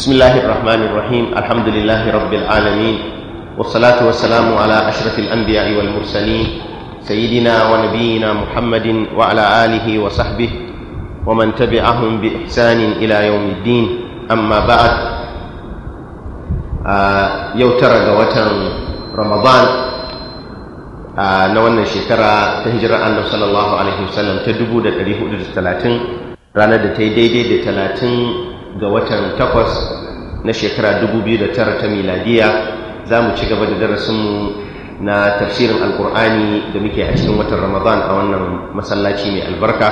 بسم الله الرحمن الرحيم الحمد لله رب العالمين والصلاة والسلام على أشرف الأنبياء والمرسلين سيدنا ونبينا محمد وعلى آله وصحبه ومن تبعهم بإحسان إلى يوم الدين أما بعد يوتر قوة رمضان na wannan shekara ta hijirar annabi sallallahu alaihi wasallam ta 1430 ranar da ta yi daidai da talatin. ga watan takwas na shekara 2009 ta miladiya za mu ci gaba da darasinmu na tafsirin alkur'ani da muke a cikin watan ramadan a wannan masallaci mai albarka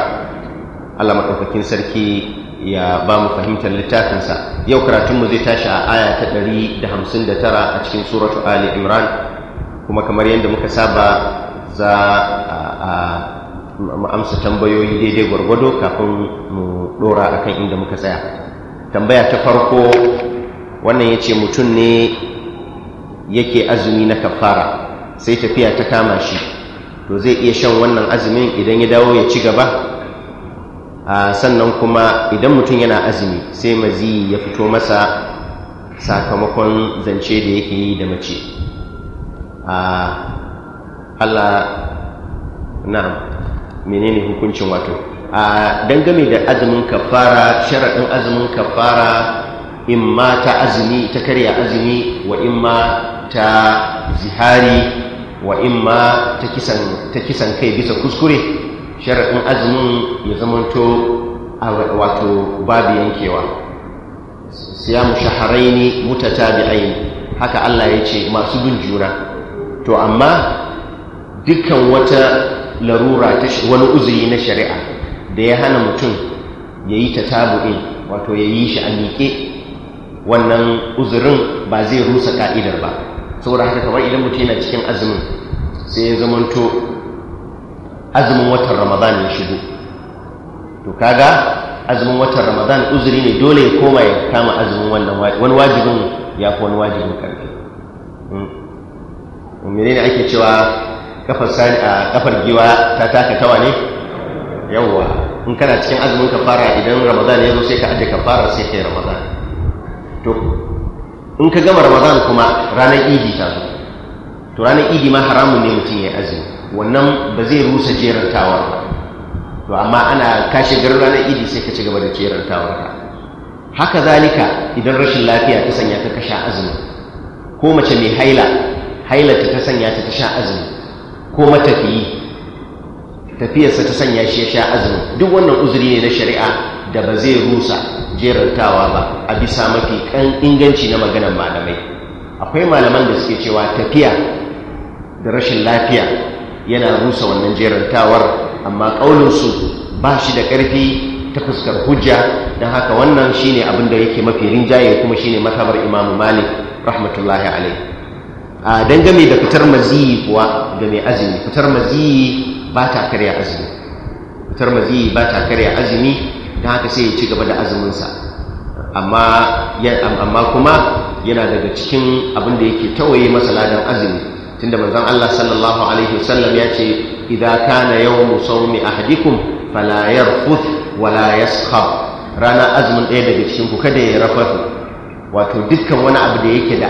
allah maɗaukakin sarki ya ba mu fahimtar littafinsa yau karatunmu zai tashi a aya ta 159 a cikin suratu ali imran kuma kamar yadda muka saba za a amsa tambayoyi daidai gwargwado kafin mu ɗora akan inda muka tsaya tambaya ta farko wannan ya ce mutum ne yake azumi na kafara sai tafiya ta kama shi to zai iya shan wannan azumin idan ya dawo ya ci gaba sannan kuma idan mutum yana azumi sai mazi ya fito masa sakamakon zance da yake yi da mace Allah na menene hukuncin wato a dangane da azumin kafara sharaɗin azumin kafara in ma ta azumi ta karya azumi wa in ma ta zihari wa in ma ta kisan kai bisa kuskure sharaɗin azumin ya zamanto wato babu yankewa siyamu shaharaini mutatabi'ain haka Allah ya ce masu bin juna to amma dukkan wata larura ta wani uzuri na shari'a da ya hana mutum ya yi ta tabu'in wato ya yi shi a miƙe wannan uzurin ba zai rusa ka'idar ba saboda haka kamar idan mutum yana cikin azumin sai ya zamanto azumin watan ramadan ya shigo to kaga azumin watan ramadan uzuri ne dole ya koma ya kama azumin wannan wani wajibin ya fi wani wajibin karfi hmm. menene ake cewa kafar giwa ta taka tawa ne yawwa in kana cikin azumin kafara idan ramadan ya zo sai ka aje kafara sai kai ramadan to in ka gama ramadan kuma ranar idi ta zo to ranar idi ma haramun ne mutum ya azumi wannan ba zai rusa tawar ba to amma ana kashe garin ranar idi sai ka ci gaba da tawar ka haka zalika idan rashin lafiya ta sanya ka kasha azumi ko mace mai haila haila ta sanya ta ta sha azumi ko matafiyi tafiyarsa ta sanya shi ya sha azumi duk wannan uzuri ne na shari'a da ba zai rusa jerantawa ba a bisa mafi kan inganci na maganar malamai akwai malaman da suke cewa tafiya da rashin lafiya yana rusa wannan jerantawar amma ƙauninsu ba shi da ƙarfi ta fuskar hujja don haka wannan shine ne abinda yake mafi rinjaye kuma shi ne matabar imamu malik rahmatullahi alai a dangane da fitar maziyi kuwa ga mai azumi fitar maziyi ba ta karya azumi fitar ba ta karya azumi don haka sai ya ci gaba da azuminsa amma kuma yana daga cikin abin da yake tawaye masa ladan azumi tunda manzon Allah sallallahu alaihi wasallam ya ce idan ka idza kana yawmu a hadikun? falayar yarfuth wala ya yaskhab rana azumin ɗaya daga cikin kuka da ya rafatu wato dukkan wani abu da yake da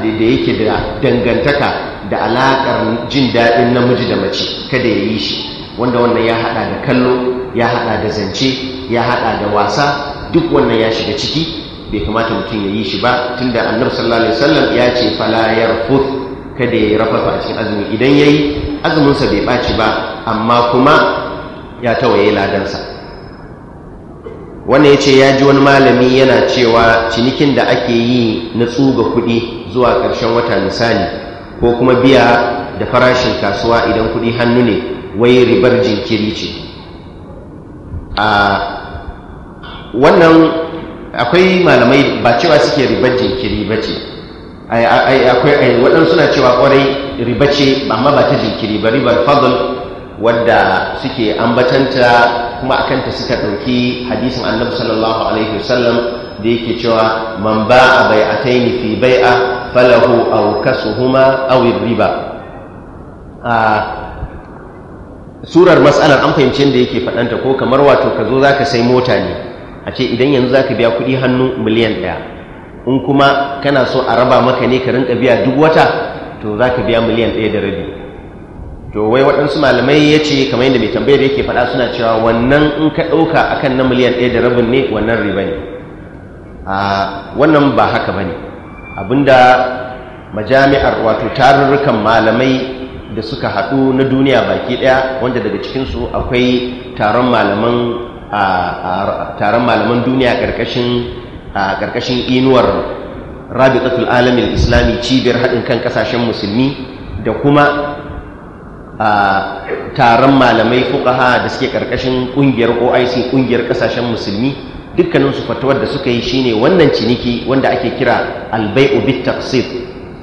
da yake da dangantaka da alaƙar jin daɗin namiji da mace kada ya yi shi wanda wannan ya haɗa da kallo ya haɗa da zance ya haɗa da wasa duk wannan ya shiga ciki bai kamata mutum ya yi shi ba tunda annabi sallallahu alaihi wasallam ya ce fala yarfut kada ya yi rafafa a cikin azumi idan ya yi azuminsa bai ɓaci ba amma kuma ya tawaye ladansa wannan ya ce ya ji wani malami yana cewa cinikin da ake yi na tsuga kuɗi zuwa ƙarshen wata misali ko kuma biya da farashin kasuwa idan kuɗi hannu ne wai ribar jinkiri ce a wannan akwai malamai ba cewa suke ribar jinkiri ba ce akwai waɗansu suna cewa kwarai riba ce amma ba ta jinkiri ba ribar fagal wadda suke ambatanta kuma kanta suka ɗauki hadisin annabi sallallahu alaihi wasallam da yake cewa man a taini fi bai'a falahu aw kasuhuma aw riba a surar mas'alar an fahimci yadda yake faɗanta ko kamar wato ka zo za ka sai mota ne a ce idan yanzu za ka biya kuɗi hannu miliyan ɗaya in kuma kana so a raba maka ne ka rinka biya duk wata to za ka biya miliyan ɗaya da rabi to wai waɗansu malamai ya ce kamar yadda mai tambayar yake faɗa suna cewa wannan in ka ɗauka akan na miliyan ɗaya da rabin ne wannan riba ne a wannan ba haka ba ne abinda majami'ar wato tarurrukan malamai da suka haɗu na duniya baki ɗaya wanda daga cikinsu akwai taron malaman duniya ƙarƙashin inuwar rabitatul alamin islami cibiyar haɗin kan ƙasashen musulmi da kuma taron malamai fuka da suke ƙarƙashin ƙungiyar oic ƙungiyar ƙasashen musulmi dukkanin su fatawar da suka yi shine wannan ciniki wanda ake kira albai'u bit taqsid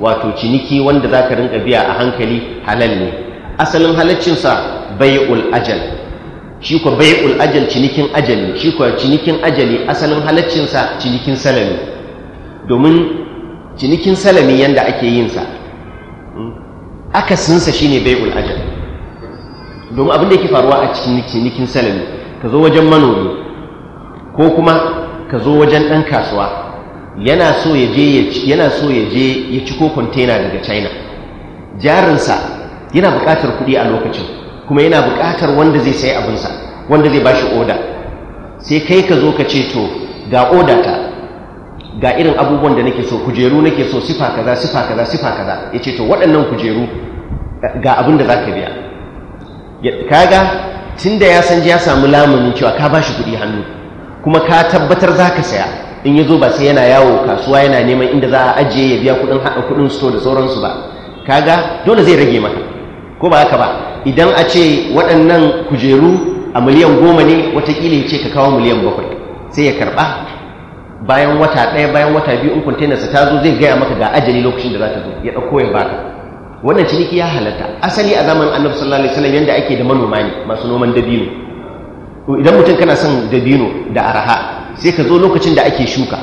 wato ciniki wanda zaka rinka biya a hankali halal ne asalin halaccin sa bai'ul ajal shi ko bai'ul ajal cinikin ajali shi ko cinikin ajali asalin halaccin sa cinikin salami domin cinikin salami yanda ake yin sa hmm, akasin sa shine bai'ul ajal domin abin da yake faruwa a cinikin salami ka zo wajen manomi ko kuma ka zo wajen ɗan kasuwa yana so ya je yana so ya je ya ciko kwantena daga china jarinsa yana buƙatar kuɗi a lokacin kuma yana buƙatar wanda zai sayi abinsa wanda zai bashi oda sai kai ka zo ka ce to ga oda ta ga irin abubuwan da nake so kujeru nake so sifa kaza sifa kaza sifa kaza ya ce to waɗannan kujeru ga abin da za ka biya kaga tun da ya san ya samu lamunin cewa ka ba shi kuɗi hannu kuma ka tabbatar za ka saya in ya zo ba sai yana yawo kasuwa yana neman inda za a ajiye ya biya kudin kudin sto da sauransu ba kaga dole zai rage maka ko ba haka ba idan a ce waɗannan kujeru a miliyan goma ne watakila ya ce ka kawo miliyan bakwai sai ya karɓa bayan wata ɗaya bayan wata biyu in sa ta zo zai gaya maka ga ajali lokacin da za ta zo ya ɗauko ya baka wannan ciniki ya halatta asali a zaman annabi sallallahu alaihi wasallam yanda ake da manoma ne masu noman dabino to idan mutum kana son dabino da araha sai ka zo lokacin da ake shuka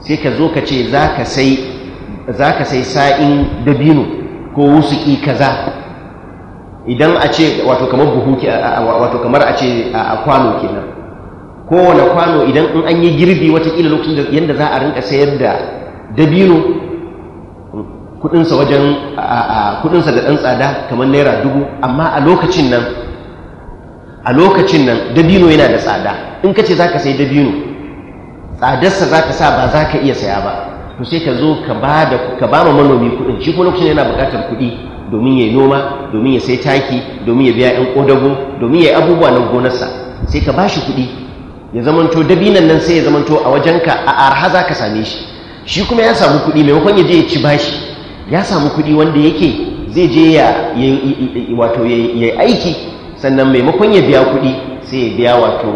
sai ka zo ka ce za ka sai sa'in dabino ko wusuki kaza idan a ce wato kamar buhu wato kamar a ce a kwano ke nan, kowane kwano idan in an yi girbi watakila lokacin yadda za a rinka sayar da dabino kudinsa wajen kudinsa da ɗan tsada kamar naira dubu amma a lokacin nan a lokacin nan dabino yana da tsada in ka ce za ka sai dabino tsadarsa za ka sa ba za ka iya saya ba to sai ka zo ka ba da ka ba ma manomi kuɗin shi kuma lokacin yana buƙatar kuɗi domin ya yi noma domin ya sai taki domin ya biya 'yan ƙodago domin ya yi abubuwa na gonarsa sai ka ba shi kuɗi ya zamanto dabinan nan sai ya zamanto a wajenka a arha za ka same shi shi kuma ya samu kuɗi maimakon ya je ya ci bashi ya samu kuɗi wanda yake zai je ya wato ya yi aiki sannan maimakon ya biya kuɗi sai ya biya wato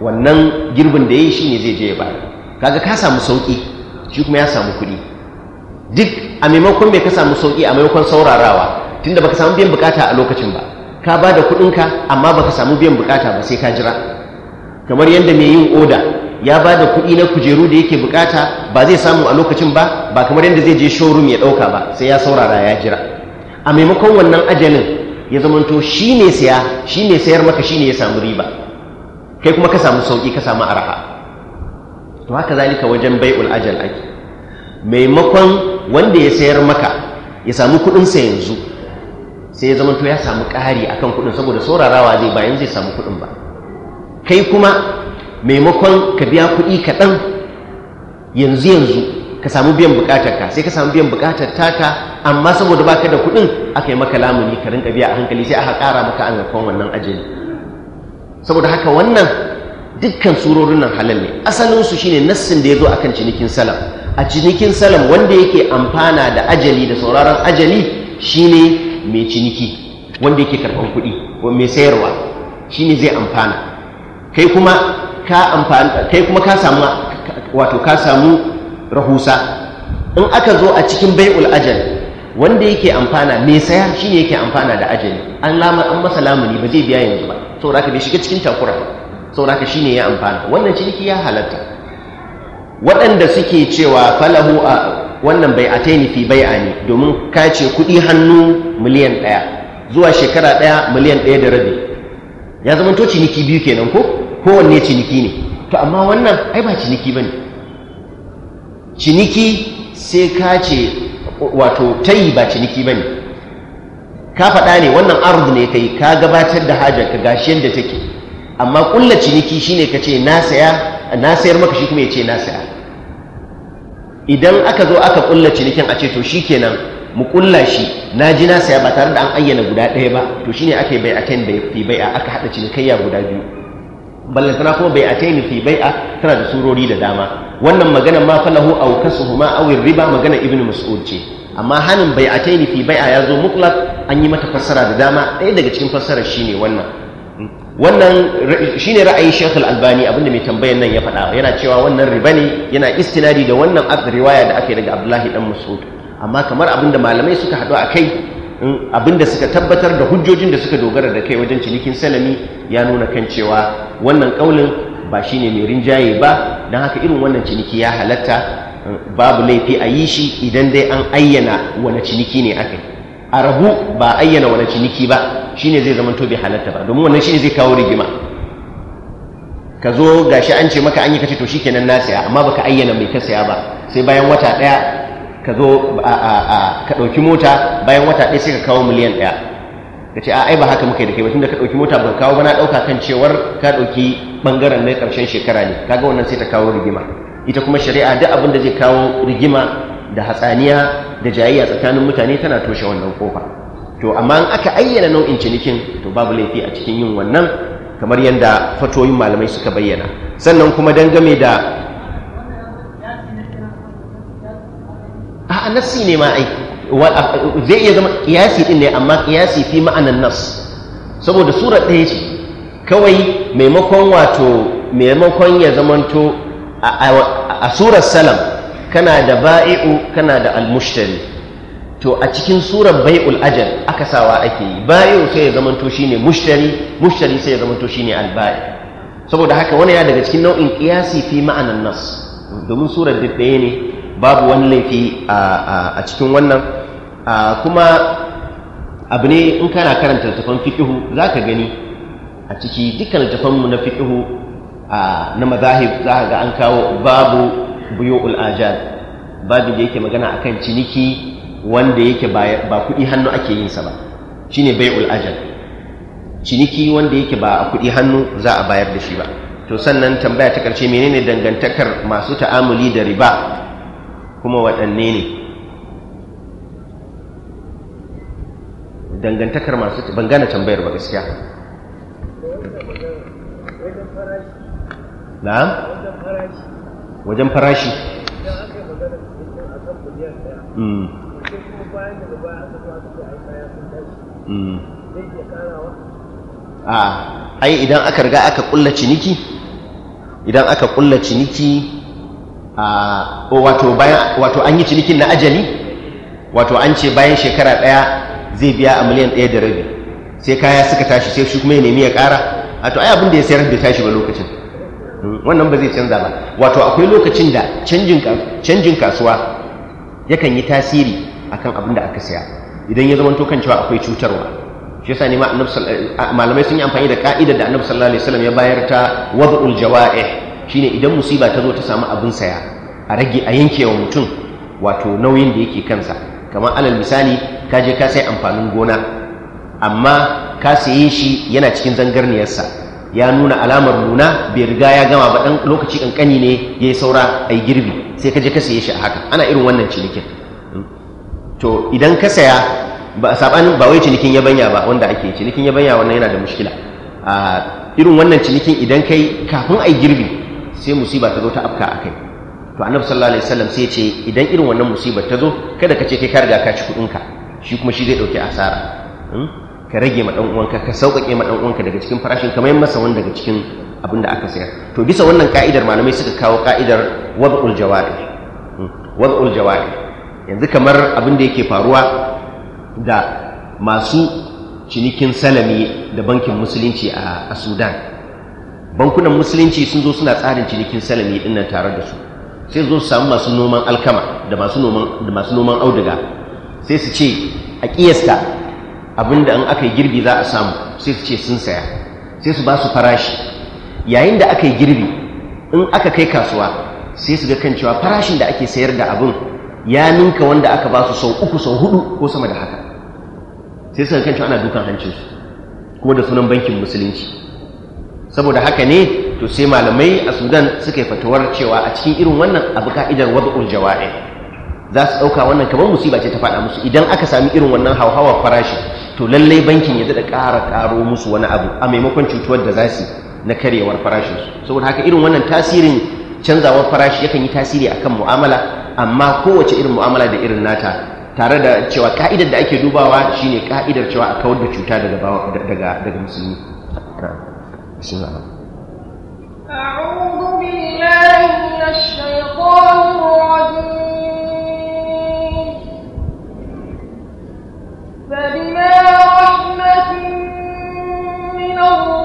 wannan girbin da ya yi shi ne zai je ya bayar kaga ka samu sauƙi shi kuma ya samu kuɗi duk a maimakon mai ka samu sauƙi a maimakon saurarawa tunda baka samu biyan bukata a lokacin ba ka ba da kuɗinka amma baka samu biyan bukata ba sai ka jira kamar yadda mai yin oda ya ba da kuɗi na kujeru da yake bukata ba zai samu a lokacin ba ba kamar yadda zai je showroom ya ɗauka ba sai ya saurara ya jira a maimakon wannan ajalin ya zamanto shi ne siya shi ne sayar maka shi ne ya samu riba kai kuma ka samu sauƙi ka samu araha to haka zalika wajen bai'ul ajal ake maimakon wanda ya sayar maka ya samu kuɗinsa yanzu sai ya zamanto ya samu ƙari akan kuɗin saboda saurarawa zai bayan zai samu kuɗin ba kai kuma maimakon ka biya kuɗi kaɗan yanzu yanzu ka samu biyan bukatarka sai ka samu biyan bukatar taka amma saboda baka da kuɗin aka yi maka lamuni ka rinka biya a hankali sai aka kara maka an rakon wannan ajali saboda haka wannan dukkan surorin nan halal ne asalin su shine nassin da ya zo akan cinikin salam a cinikin salam wanda yake amfana da ajali da sauraron ajali shine mai ciniki wanda yake karɓar kuɗi ko mai sayarwa shine zai amfana kai kuma ka amfana kai kuma ka samu wato ka samu rahusa in aka zo a cikin bai'ul ajal wanda yake amfana mai saya shine yake amfana da ajali an lama an masa lamuni ba zai biya yanzu ba saboda haka bai shiga cikin takura saboda haka shine ya amfana wannan ciniki ya halatta waɗanda suke cewa falahu a wannan bai a taini fi bai ne domin kace kuɗi hannu miliyan ɗaya zuwa shekara ɗaya miliyan ɗaya da rabi ya zama to ciniki biyu kenan ko kowanne ciniki ne to amma wannan ai ba ciniki ba ne ciniki sai ka ce wato tayi ba ciniki ba ne, ka faɗa ne wannan arzu ne kai ka gabatar da hajar ka gashi yadda take amma kulla ciniki shine ka ce na sayar maka shi kuma ya ce na saya idan aka zo aka ƙulla cinikin a ce to shi kenan mu ƙulla shi na ji na saya ba tare da an ayyana guda ɗaya ba to shine aka yi bai akan da fi bai a aka haɗa cinikayya guda biyu ballantana kuma bai a taini fi bai tana da surori da dama wannan maganar ma falahu au kasuhuma aw riba magana ibnu mas'ud ce amma hanin bai a taini fi bai a ya zo mutlaq an yi mata fassara da dama ɗaya daga cikin fassarar shine wannan wannan shine ra'ayin Sheikh Al-Albani abinda mai tambayar nan ya faɗa yana cewa wannan riba ne yana istinadi da wannan riwaya da ake daga Abdullahi dan Mas'ud amma kamar abinda malamai suka haɗu akai abinda suka tabbatar da hujjojin da suka dogara da kai wajen cinikin salami ya nuna kan cewa wannan kaulin ba shine mai rinjaye ba don haka irin wannan ciniki ya halatta babu laifi a yi shi idan dai an ayyana wani ciniki ne aka a rabu ba ayyana wani ciniki ba shine zai zama to bai halatta ba domin wannan shine zai kawo rigima ka zo gashi an ce maka an yi kace to shikenan na saya amma baka ayyana mai ka saya ba sai bayan wata daya ka zo ka ɗauki mota bayan wata ɗaya sai ka kawo miliyan ɗaya ka ce ai ba haka muka yi da kai ba tunda ka ɗauki mota ba kawo ba na ɗauka kan cewar ka ɗauki ɓangaren na ƙarshen shekara ne kaga wannan sai ta kawo rigima ita kuma shari'a duk abin da zai kawo rigima da hatsaniya da jayayya tsakanin mutane tana toshe wannan kofa to amma in aka ayyana nau'in cinikin to babu laifi a cikin yin wannan kamar yadda fatoyin malamai suka bayyana sannan kuma dangame da a nassi ne ma aiki zai iya zama kiyasi din ne amma kiyasi fi ma'anan nas saboda sura ɗaya ce kawai maimakon wato maimakon ya zamanto a surar salam kana da ba'i'u kana da almushtari to a cikin surar bai'ul ajal aka sawa ake yi ba'i'u sai ya zamanto shine mushtari mushtari sai ya zamanto shine alba'i saboda haka wani ya daga cikin nau'in kiyasi fi ma'anan nas domin surar ɗaya ne babu wani laifi a cikin wannan kuma abu ne in kana karanta littafan fiƙihu za ka gani a ciki dukkan littafanmu na fiƙihu na mazahib za ka ga an kawo babu buyo ul'ajal babu da yake magana akan ciniki wanda yake ba kuɗi hannu ake yin sa ba shine bai ul'ajal ciniki wanda yake ba a kuɗi hannu za a bayar da shi ba to sannan tambaya ta ƙarshe menene dangantakar masu ta'amuli da riba kuma waɗanne ne dangantakar masu ban gane tambayar ba gaskiya na? wajen farashi hmm. hmm. a ai idan aka riga aka ƙulla ciniki idan aka ƙulla ciniki Ah, wato an yi cinikin na ajali wato an ce bayan shekara ɗaya zai biya a miliyan ɗaya da rabi sai kaya suka tashi sai shi kuma ya nemi ya ƙara wato ai abin da ya sayar da tashi ba lokacin wannan ba zai canza ba wato akwai lokacin da canjin kasuwa yakan yi tasiri akan abin da aka saya idan ya zama to kan cewa akwai cutarwa shi yasa ne eh, malamai sun yi amfani da ka'idar da annabi sallallahu alaihi wasallam ya bayar ta wad'ul jawa'ih Shi ne idan musiba ta zo ta samu abin saya a rage a yanke wa mutum wato nauyin da yake kansa kamar alal misali ka je ka sai amfanin gona amma ka saye shi yana cikin zangarniyarsa ya nuna alamar nuna bai riga ya gama ba dan lokaci kankani ne yayi saura ai girbi sai ka je ka saye shi a haka ana irin wannan cinikin to idan ka saya ba sabanin ba wai cinikin yabanya ba wanda ake cinikin yabanya wannan yana da mushkila a ah, irin wannan cinikin idan kai kafin ai girbi sai musiba ta zo ta afka akai to annabi sallallahu alaihi wasallam sai ya ce idan irin wannan musibar ta zo kada ka ce kai ka riga ka ci kuɗin ka shi kuma shi zai dauki asara hmm? ka rage ma dan uwanka ka sauƙaƙe ma dan uwanka daga cikin farashin kamar masa wanda daga cikin abin da aka sayar to bisa wannan ka'idar malamai suka kawo ka'idar wad'ul jawari hmm? wad'ul jawari yanzu kamar abin da yake faruwa da masu cinikin salami da bankin musulunci a Sudan bankunan musulunci sun zo suna tsarin cinikin salami din nan tare da su sai zo su samu masu noman alkama da masu noman da masu noman auduga sai su ce a kiyasta abinda in aka yi girbi za a samu sai su ce sun saya sai su ba su farashi yayin da aka yi girbi in aka kai kasuwa sai su ga kan cewa farashin da ake sayar da abin ya ninka wanda aka ba su sau uku sau hudu ko sama da haka sai su ga kan cewa ana dukan hancinsu kuma da sunan bankin musulunci saboda haka ne to sai malamai a sudan suka yi fatuwar cewa a cikin irin wannan abu ka'idar wada'ul jawa'i za su ɗauka wannan kamar musiba ce ta faɗa musu idan aka sami irin wannan hauhawar farashi to lallai bankin ya daɗa ƙara ƙaro musu wani abu a maimakon cutuwar da za su na karyewar farashinsu saboda haka irin wannan tasirin canzawar farashi yakan yi tasiri akan mu'amala amma kowace irin mu'amala da irin nata tare da cewa ka'idar da ake dubawa shine ka'idar cewa a kawar da cuta daga musulmi بسم الله أعوذ بالله من الشيطان الرجيم فبما رحمة من الله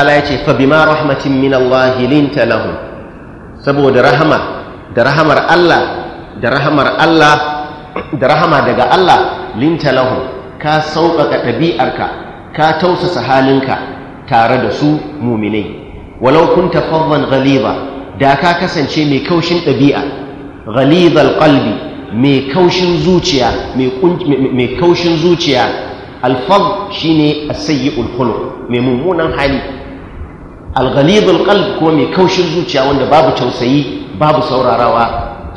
ta'ala ya ce fa bima rahmatin min Allah linta lahum saboda rahama da rahamar Allah da rahamar Allah da rahama daga Allah linta lahum ka sauƙaƙa ɗabi'arka ka tausasa halinka tare da su muminai walau kunta galiba da ka kasance mai kaushin ɗabi'a ghalizal qalbi mai kaushin zuciya mai kaushin zuciya shine as-sayyi'ul khuluq mai mummunan hali alghalidul qalb ko mai kaushin zuciya wanda babu tausayi babu saurarawa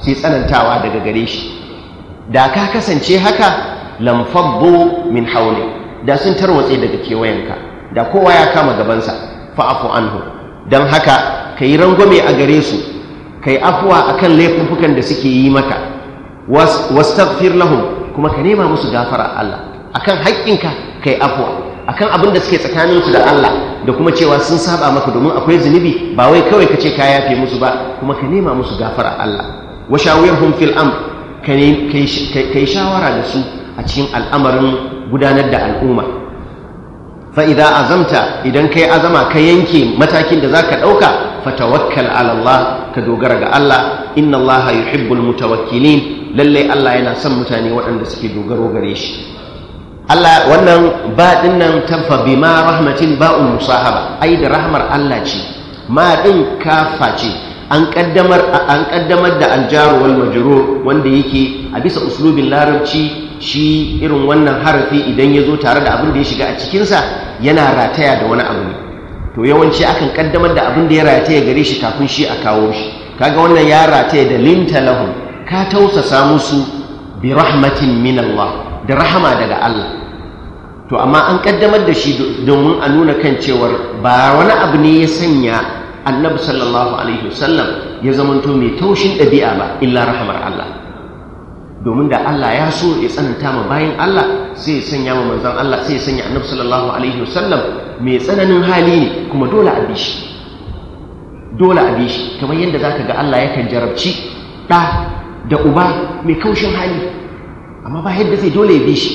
sai tsanantawa daga gare shi da ka kasance haka lamfabbo min haule da sun tarwatse daga kewayenka da kowa ya kama gabansa fa'afu anhu don haka ka yi rangwame a gare su Kai afuwa a kan laifuffukan da suke yi maka wastaghfir lahum kuma ka nema musu gafara Allah akan haƙƙinka kai yi afuwa akan abin da suke tsakaninsu da Allah da kuma cewa sun saba maka domin akwai zunubi ba wai kawai ka ce ka yafe musu ba kuma ka nema musu gafara Allah wa shawirhum fil amr ka yi shawara da su a cikin al'amarin gudanar da al'umma fa idza azamta idan kai azama ka yanke matakin da zaka dauka fa tawakkal ala Allah ka dogara ga Allah inna Allah yuhibbul mutawakkilin lalle Allah yana son mutane waɗanda suke dogaro gare shi Allah wannan ba din nan tabfa bi ma rahmatin ba'un musahaba ai da rahmar Allah ce ma din kafa ce an kaddamar an kaddamar da aljaru wal majru wanda yake a bisa uslubin larabci shi irin wannan harafi idan ya zo tare da abin da ya shiga a cikinsa yana rataya da wani abu to yawanci akan kaddamar da abin da ya rataya gare shi kafin shi a kawo shi kaga wannan ya rataya da linta ka tausasa musu bi rahmatin min Allah da rahama daga Allah to amma an kaddamar da shi domin a nuna kan cewar ba wani abu ne ya sanya annabi sallallahu alaihi wasallam ya zamanto mai taushin ɗabi'a ba illa rahamar Allah domin da Allah ya so ya tsananta ma bayan Allah sai ya sanya ma manzon Allah sai ya sanya annabi sallallahu alaihi wasallam mai tsananin hali ne kuma dole a bi shi dole a bi shi kamar yadda zaka ga Allah yakan jarabci ɗa da uba mai kaushin hali amma ba yadda zai dole ya bi shi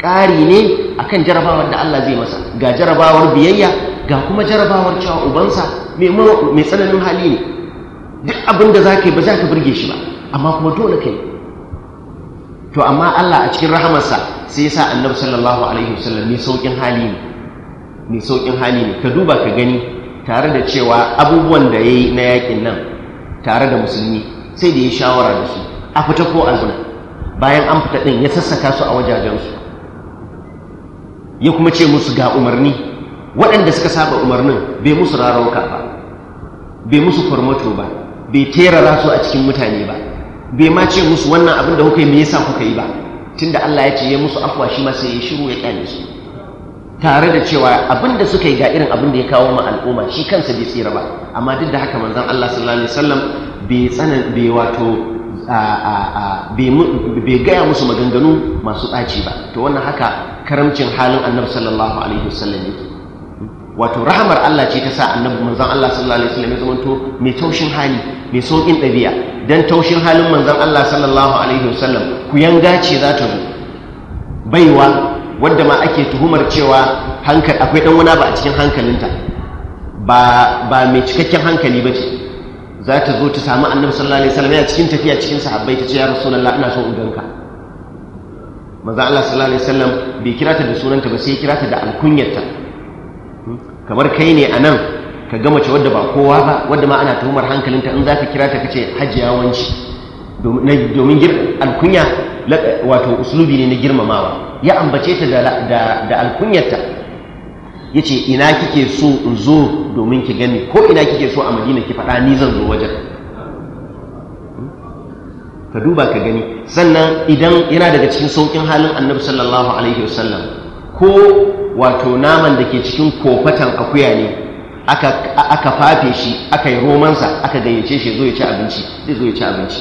ƙari ne a kan jarabawar da Allah zai masa ga jarabawar biyayya ga kuma jarabawar cewa ubansa mai tsananin hali ne duk abin da za ka yi ba za ka birge shi ba amma kuma dole ka yi to amma Allah a cikin rahamarsa sai ya sa annabi sallallahu alaihi wasallam ne saukin hali ne mai saukin hali ne ka duba ka gani tare da cewa abubuwan da ya yi na yakin nan tare da musulmi sai da ya shawara da su a fita ko a bayan an fita ɗin ya sassaka su a wajajensu ya kuma ce musu ga umarni waɗanda suka saba umarnin bai musu rarauka ba bai musu farmato ba bai tera su a cikin mutane ba bai ma ce musu wannan abin da kuka yi me yasa kuka yi ba tunda Allah ya ce ya musu afwa shi ma sai ya shiru ya kyale su tare da cewa abin da suka yi ga irin abin da ya kawo ma al'umma shi kansa bai tsira ba amma duk da haka manzon Allah sallallahu alaihi wasallam bai tsana bai wato bai gaya musu maganganu masu ɗaci ba to wannan haka karamcin halin annabi sallallahu alaihi wasallam yake wato rahamar Allah ce ta sa annabi manzon Allah sallallahu alaihi wasallam ya to mai taushin hali mai saukin ɗabi'a dan taushin halin manzon Allah sallallahu alaihi wasallam ku yanga ce za ta zo baiwa wadda ma ake tuhumar cewa hankali akwai dan wani ba a cikin hankalinta ba ba mai cikakken hankali ba ce za ta zo ta samu annabi sallallahu alaihi wasallam yana cikin tafiya cikin sahabbai ta ce ya rasulullah ina son ganka manzo Allah sallallahu alaihi wasallam bai kira ta da sunanta ba sai kira ta da alkunyarta hmm? kamar kai ne anan ka ga mace wadda ba kowa ba wadda ma ana tuhumar hankalinta in za ka kira ta kace hajiya wanci domin alkunya wato uslubi ne na girmamawa ya ambace ta da alkunyarta Ya ce ina kike so in zo domin ki gani ko ina kike so a madina ki faɗa ni zan zo wajen ka duba ka gani sannan idan yana daga cikin saukin halin annabi sallallahu alaihi wasallam ko wato naman da ke cikin kofatan akuya ne aka fafe shi aka yi romansa aka gayyace shi zo ya ci abinci zai zo ya ci abinci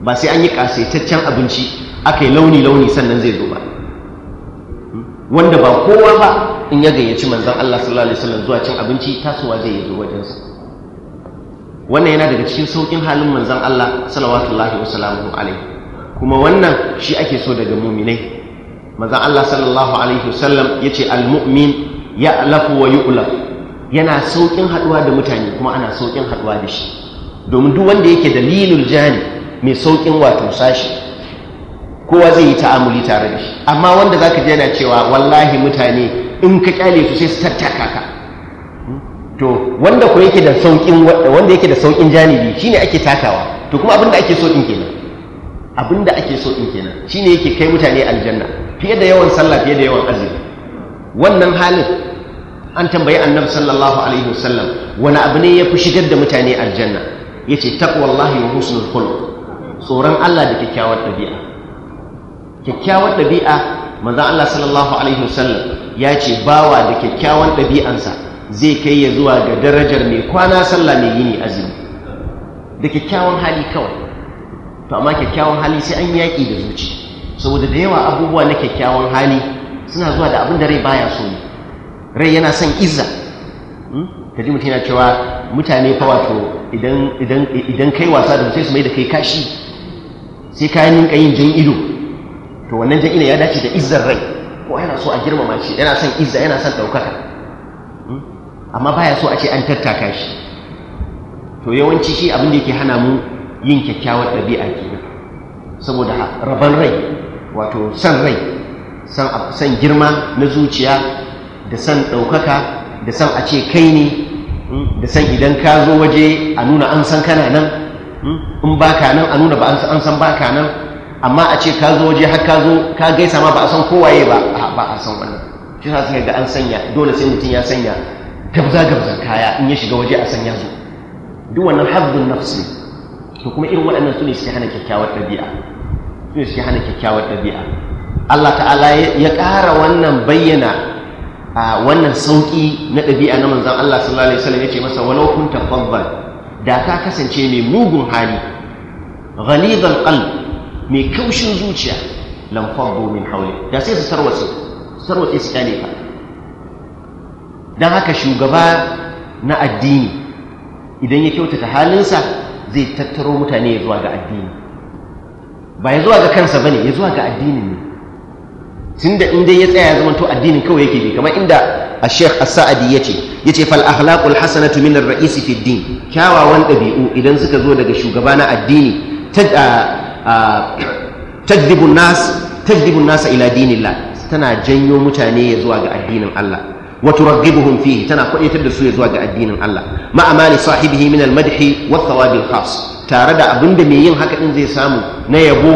ba sai an yi ƙasaitaccen abinci aka yi launi-launi sannan zai zo ba hmm? wanda ba kowa ba in ya gayyaci manzon Allah sallallahu alaihi wasallam zuwa cin abinci tasowa zai yi wajen sa wannan yana daga cikin saukin halin manzon Allah sallallahu alaihi kuma wannan shi ake so daga muminai manzon Allah sallallahu alaihi wasallam yace almu'min ya'lafu wa yu'laf yana saukin haduwa da mutane kuma ana saukin haduwa da shi domin duk wanda yake dalilul jani mai saukin wato sashi kowa zai yi ta'amuli tare da shi amma wanda zaka ka yana cewa wallahi mutane in ka kyale su sai su tattaka ka to wanda ko yake da saukin wanda yake da saukin janibi shine ake takawa to kuma abinda ake so din kenan abinda ake so din kenan shine yake kai mutane aljanna fiye da yawan sallah fiye da yawan azumi wannan halin an tambayi annabi sallallahu alaihi wasallam wani abu ne ya fi shigar da mutane aljanna yace taqwallahi wa husnul khuluq tsoron Allah da kyakkyawar ɗabi'a kyakkyawar ɗabi'a manzon Allah sallallahu alaihi wasallam ya ce bawa da kyakkyawan ɗabi'ansa zai kai ya zuwa ga darajar mai kwana sallah mai yini azumi da kyakkyawan hali kawai to amma kyakkyawan hali sai an yaƙi da zuci saboda da yawa abubuwa na kyakkyawan hali suna zuwa da abin da rai baya so ne rai yana son izza hmm? ka ji mutum yana cewa mutane fa wato idan kai wasa da mutum su mai da kai kashi sai kayan ninka yin jin ido to wannan jan ido ya dace da izzar rai ko yana so a girmama shi yana son izza yana son ɗaukaka hmm? amma baya so a ce an tattaka shi to yawanci shi abin da yake hana mu yin kyakkyawar ɗabi'a kenan saboda rabon rai wato san rai san girma na zuciya da san ɗaukaka da san a ce kai ne hmm? da san idan ka zo waje a nuna an san kana nan hmm? in ba ka nan a nuna ba an san ba ka nan amma a ce ka zo waje har ka zo ka gaisa ma ba a san kowaye ba ba a san wannan shi sa suka ga an sanya dole sai mutum ya sanya gabza gabzan kaya in ya shiga waje a sanya su duk wannan haddun nafsi to kuma irin waɗannan su ne suke hana kyakkyawar ɗabi'a su suke hana kyakkyawar ɗabi'a Allah ta'ala ya ƙara wannan bayyana a wannan sauƙi na ɗabi'a na manzon Allah sallallahu alaihi wasallam ya ce masa walau kunta fadhal da ka kasance mai mugun hali ghalidhal qalb mai kaushin zuciya lan domin min da sai su sarwace sarwace su kale ka dan haka shugaba na addini idan ya kyautata halinsa zai tattaro mutane ya zuwa ga addini ba ya zuwa ga kansa ne ya zuwa ga addini ne tunda in dai ya tsaya ya zama to addinin kawai yake bi kamar inda a sheikh ya saadi ya ce, fal akhlaqul hasana min ar-ra'is fi din kyawawan dabi'u idan suka zo daga shugaba na addini ah, tajdibun nas nasa nas ila dinillah tana janyo mutane ya zuwa ga addinin Allah wa turaghibuhum fihi tana kwaitar da su ya zuwa ga addinin Allah ma amali sahibihi min almadhi madhi wa thawabil khas tare da abinda mai yin haka din zai samu na yabo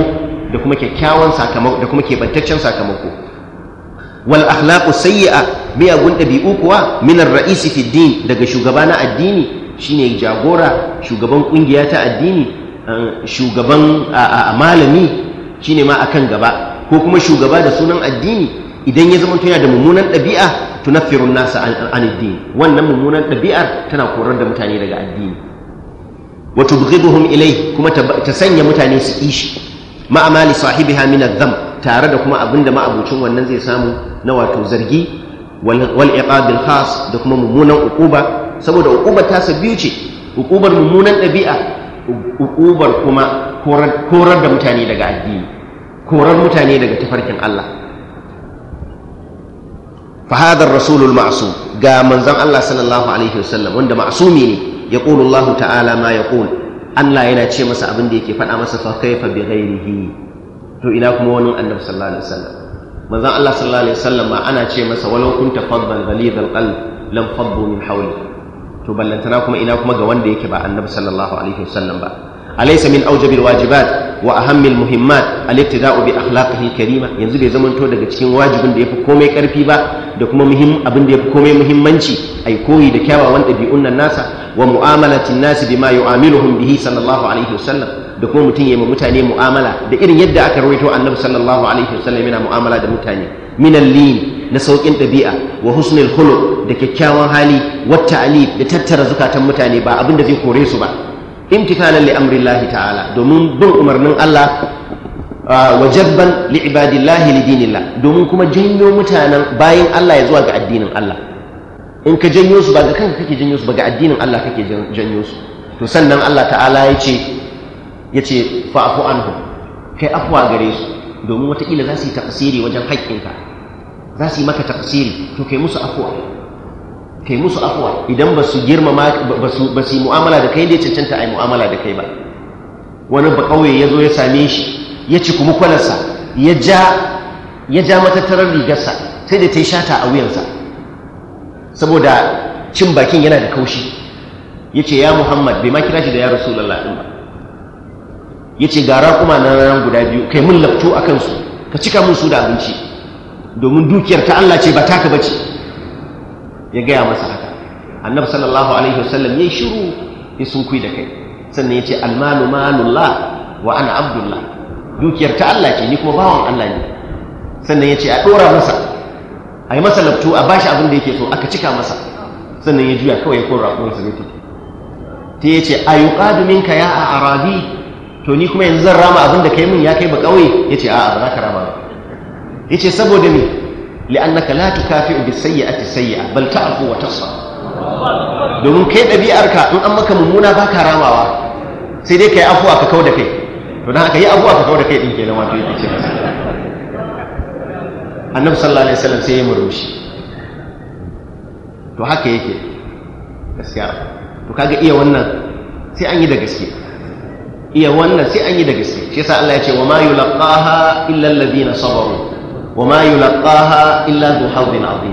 da kuma kyakkyawan sakamako da kuma kebantaccen sakamako wal akhlaqu sayyi'a miyagun dabi'u kuwa min ar-ra'isi fi din daga shugaba na addini shine jagora shugaban kungiya ta addini shugaban a malami shine ma akan gaba ko kuma shugaba da sunan addini idan ya zama yana da mummunan ɗabi'a tunaffirun nasa an addini wannan mummunan ɗabi'ar tana korar da mutane daga addini wa tubghiduhum ilai kuma ta sanya mutane su ishi ma'amali, sahibi hamina zam tare da kuma abinda ma'abucin wannan zai samu na wato zargi wal iqabil da kuma mummunan uquba saboda uquba ta biyu ce uqubar mummunan ɗabi'a uƙubar kuma korar da mutane daga addini korar mutane daga tafarkin Allah fahadar rasulul ma'asu ga manzan Allah sallallahu alaihi wasallam wanda ma'asumi ne ya ƙulu Allah ta'ala ma ya ƙulu Allah yana ce masa abin da yake faɗa masa fa kaifa bi ghairihi to ina kuma wani annabi sallallahu alaihi wasallam manzon Allah sallallahu alaihi wasallam ma ana ce masa walau kunta faddan ghalidhal qalb lam faddu min hawlik to ballantana kuma ina kuma ga wanda yake ba annabi sallallahu alaihi wasallam ba alaysa min awjabi alwajibat wa ahammi almuhimmat aliktida'u bi akhlaqihi alkarima yanzu bai zamanto daga cikin wajibin da yafi komai karfi ba da kuma muhim abin da yafi komai muhimmanci ai koyi da kyawawan dabi'un nan nasa wa mu'amalatin nasi bima yu'amiluhum bihi sallallahu alaihi wasallam da kuma mutum ya mutane mu'amala da irin yadda aka rawaito annabi sallallahu alaihi wasallam yana mu'amala da mutane min al-lin na saukin ɗabi'a wa husnul khuluq da kyakkyawan hali wa ali da tattara zukatan mutane ba abin da zai kore su ba imtithalan li amrillahi ta'ala domin bin umarnin Allah wa jabban li ibadillahi li dinillah domin kuma janyo mutanen bayan Allah ya zuwa ga addinin Allah in ka janyo su ba ga kanka kake janyo su ba ga addinin Allah kake janyo su to sannan Allah ta'ala ya ce ya ce fa'afu anhum kai afwa gare su domin wataƙila za su yi tafsiri wajen haƙƙinka za su yi maka tafsiri to kai musu afuwa kai musu afuwa idan ba su girmama ba su yi mu'amala da kai da ya cancanta a yi mu'amala da kai ba wani ba ƙauye ya zo ya same shi ya ci kuma kwalarsa ya ja matattarar rigarsa sai da ta yi shata a wuyansa saboda cin bakin yana da kaushi ya ce ya muhammad bai ma kira shi da ya rasu ɗin ba ya ce gara kuma na ran guda biyu kai mun lafto a kansu ka cika mun su da abinci domin dukiyar ta Allah ce ba taka bace ya gaya masa haka annabi sallallahu alaihi wasallam ya shiru ya sunkui da kai sannan ya ce almalu malullah wa ana abdullah dukiyar ta Allah ce ni kuma bawan Allah ne sannan ya ce a dora masa a yi masa labtu a bashi abin da yake so aka cika masa sannan ya juya kawai ya kora raƙonsa ne take ta ya ce a yi ƙadu minka ya a arabi to ni kuma yanzu zan rama abin da ka yi min ya kai ba kauye? ya ce a'a ba za ka rama ba yace saboda me li'annaka la tukafi'u bis sayyi'ati sayyi'a bal ta'fu wa tasfa domin kai ɗabi'arka in an maka mummuna baka ramawa sai dai kai afuwa ka kauda kai to dan haka yi afuwa ka kauda kai din kenan wato yake ce annabi sallallahu alaihi wasallam sai ya murmushi to haka yake gaskiya to kaga iya wannan sai an yi da gaske iya wannan sai an yi da gaske shi yasa Allah ya ce wa ma yulqaha illa alladhina sabaru wa ma yulqaha illa zu hawdin azim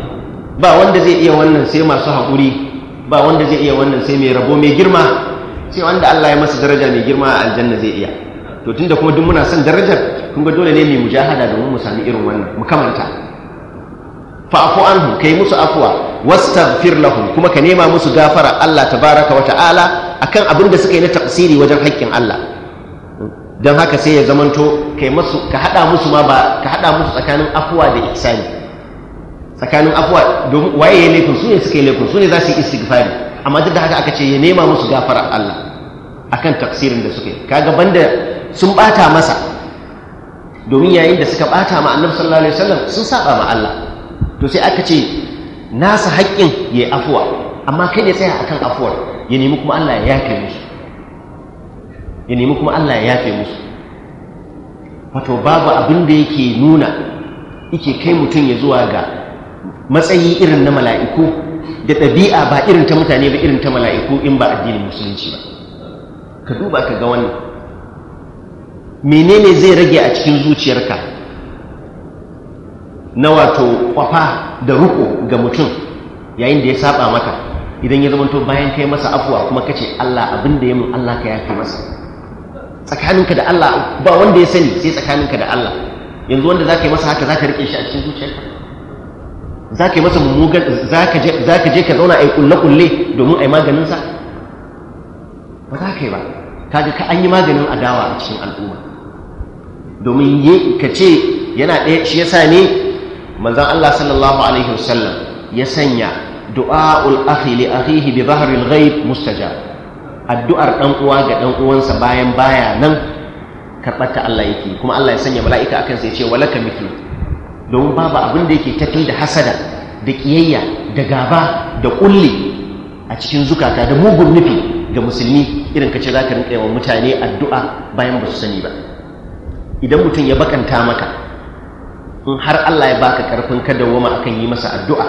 ba wanda zai iya wannan sai masu haƙuri ba wanda zai iya wannan sai mai rabo mai girma sai wanda Allah ya masa daraja mai girma a aljanna zai iya to tunda kuma duk muna son darajar kun ga dole ne mai mujahada domin mu sami irin wannan mu kamanta fa'fu anhu kai musu afwa wastaghfir lahum kuma ka nema musu gafara Allah tabaraka wa ta'ala akan abin da suka yi na tafsiri wajen haƙƙin Allah don haka sai ya zamanto ka hada musu ma ba ka hada musu tsakanin afuwa da ikisani tsakanin afuwa domin waye ya laifin su ne suka yi laifin su ne za su yi istighfari amma duk da haka aka ce ya nema musu gafara Allah akan tafsirin da suka yi kaga banda sun bata masa domin yayin da suka bata ma annabi sallallahu alaihi wasallam sun saba ma Allah to sai aka ce nasa haƙƙin ya afuwa amma kai ne tsaya akan afuwar ya nemi kuma Allah ya yafe musu ya nemi kuma Allah ya yafe musu wato babu abin da yake nuna yake kai mutum ya zuwa ga matsayi irin na mala'iku da ɗabi'a ba irin ta mutane ba irin ta mala'iku in ba addinin musulunci ba ka duba ka ga wani. menene zai rage a cikin zuciyarka na wato kwafa da ruko ga mutum yayin da ya saba maka idan ya zamanto bayan kai masa afuwa kuma kace Allah abin da ya mun Allah ka yafe masa tsakaninka da Allah ba wanda ya sani sai tsakaninka da Allah yanzu wanda zaka yi masa haka zaka rike shi a cikin zuciyarka zaka yi masa mummugan zaka je zaka je ka zauna ai kulle kulle domin ai maganin sa ba za ka yi ba kaga ka an yi maganin adawa a cikin al'umma domin ye ka ce yana ɗaya shi yasa ne manzon Allah sallallahu alaihi wasallam ya sanya du'a ul akhi li akhihi bi dhahril ghaib mustajab addu'ar dan uwa ga dan uwansa bayan baya nan karɓar Allah yake kuma Allah ya sanya mala'ika akan sai ya ce walaka miki don babu abin da yake tafi da hasada da kiyayya da gaba da ƙulli a cikin zukata da mugun nufi ga musulmi irin ka kace zaka rinka yawan mutane addu'a bayan ba su sani ba idan mutum ya bakanta maka in har Allah ya baka karfin ka wama akan yi masa addu'a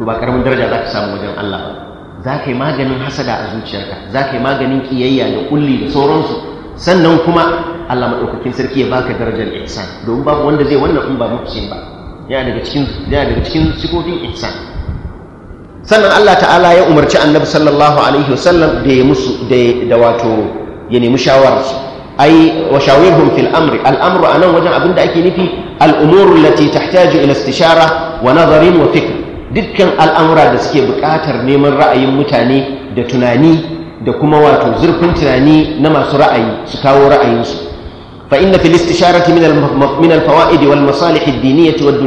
to ba karamin daraja zaka samu wajen Allah ba za ka yi maganin hasada a zuciyarka za ka yi maganin kiyayya da kulli da sauransu sannan kuma Allah maɗaukakin sarki ya baka darajar ihsan domin babu wanda zai wannan in ba muhsin ba yana daga cikin yana daga cikin sifofin ihsan sannan Allah ta'ala ya umarci annabi sallallahu alaihi wasallam da ya musu da wato ya nemi shawararsu ai wa shawirhum fil amri al amru anan wajen abinda ake nufi al umuru allati tahtaju ila istishara wa nazarin wa fikr dukkan al'amura da suke buƙatar neman ra'ayin mutane da tunani da kuma wato zurfin tunani na masu ra'ayi su kawo ra'ayinsu fa inda fil sharati minal min fawaid wal masalihin diniya ta wadda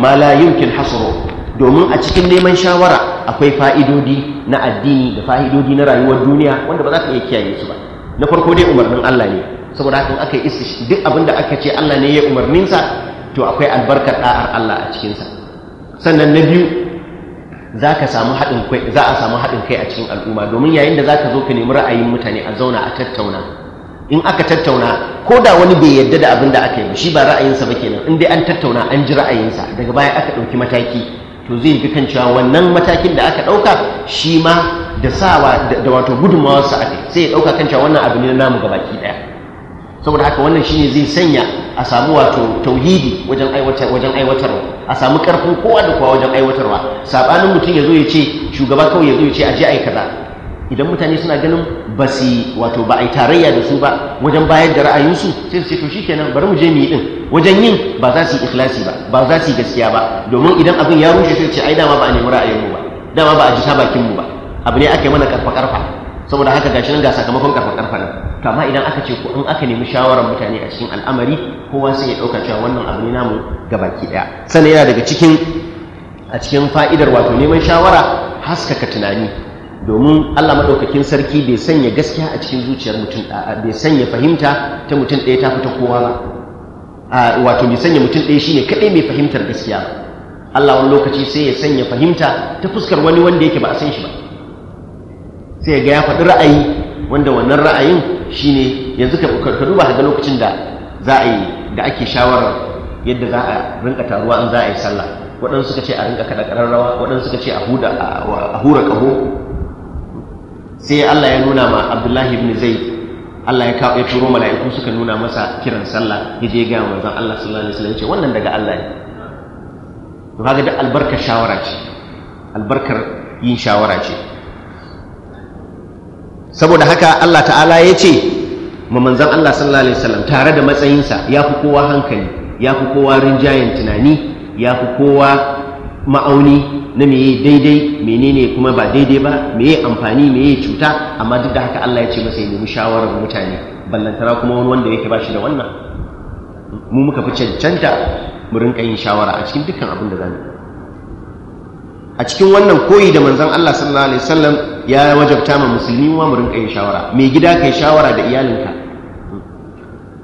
ma la yumkin hasuro domin a cikin neman shawara akwai fa'idodi na addini da fa'idodi na rayuwar duniya wanda ba za ka iya kiyaye su ba na farko dai umarnin Allah ne saboda hakan aka yi duk abinda aka ce Allah ne ya umarninsa to akwai albarkar da'ar Allah a cikinsa sannan na biyu za ka samu haɗin kai a samu haɗin kai a cikin al'umma domin yayin da za ka zo ka nemi ra'ayin mutane a zauna a tattauna in aka tattauna ko da wani bai yarda da abin da aka yi shi ba ra'ayinsa ba kenan in dai an tattauna an ji ra'ayinsa daga baya aka ɗauki mataki to zai ga kan cewa wannan matakin da aka ɗauka shi ma da sawa da wato gudunmawarsa aka sai ya ɗauka kan cewa wannan abu ne na namu gabaki ɗaya saboda haka wannan shine zai sanya a samu wato tauhidi wajen aiwatarwa a samu karfin kowa da kowa wajen aiwatarwa Saɓanin mutum ya zo ya ce shugaba kawai ya zo ya ce a je ai kaza idan mutane suna ganin ba su wato ba ai tarayya da su ba wajen bayar da ra'ayinsu sai su ce to shikenan bari mu je mu yi din wajen yin ba za su yi ikhlasi ba ba za su yi gaskiya ba domin idan abin ya rushe sai ce ai dama ba a nemi ra'ayinmu ba dama ba a ji ta bakinmu ba abu ne aka yi mana karfa karfa saboda haka gashi nan ga sakamakon karfa karfa nan to amma idan aka ce ko in aka nemi shawaran mutane a cikin al'amari kowa sai ya dauka cewa wannan abu ne namu gabaki daya sannan yana daga cikin a cikin fa'idar wato neman shawara haskaka tunani domin Allah madaukakin sarki bai sanya gaskiya a cikin zuciyar mutum bai sanya fahimta ta mutum ɗaya ta fita kowa ba wato bai sanya mutum ɗaya shine kaɗai mai fahimtar gaskiya Allah wani lokaci sai ya sanya fahimta ta fuskar wani wanda yake ba a san shi ba sai ga ya faɗi ra'ayi wanda wannan ra'ayin shine yanzu ka ka duba ga lokacin da za a yi da ake shawarar yadda za a rinka taruwa in za a yi sallah waɗansu suka ce a rinka kaɗa ƙararrawa waɗansu suka ce a hura ƙaho sai Allah ya nuna ma Abdullahi ibn Zaid Allah ya kawo ya turo mala'iku suka nuna masa kiran sallah ya je ga manzon Allah sallallahu alaihi wasallam ce wannan daga Allah ne to kaga da albarkar shawara ce albarkar yin shawara ce saboda haka Allah ta'ala ya ce ma manzan Allah sallallahu alaihi wasallam tare da matsayinsa ya fi kowa hankali ya fi kowa rinjayen tunani ya fi kowa ma'auni na meye daidai menene kuma ba daidai ba meye amfani meye cuta amma duk da haka Allah ya ce masa ya nemi shawarar mutane ballantara kuma wani wanda yake bashi da wannan mu muka fi cancanta mu rinka yin shawara a cikin dukkan abin da zamu a cikin wannan koyi da manzon Allah sallallahu alaihi wasallam ya wajabta ma musulmi ma mu rinka yin shawara mai gida kai shawara da iyalinka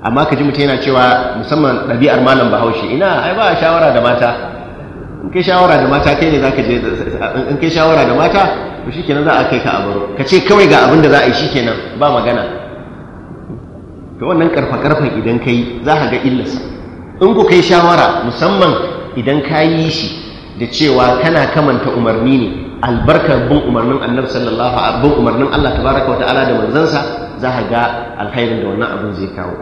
amma ka ji mutum yana cewa musamman ɗabi'ar malam bahaushe ina ai ba shawara da mata in kai shawara da mata kai ne za ka je in kai shawara da mata to shi kenan za a kai ka a baro ka ce kawai ga abin da za a yi shi kenan ba magana to wannan karfa-karfan idan ka yi za ka ga illarsa in ku kai shawara musamman idan ka yi shi da cewa kana kamanta umarni ne albarkar bin umarnin annabi sallallahu alaihi bin umarnin Allah tabaraka wata'ala da manzansa za ka ga alkhairin da wannan abin zai kawo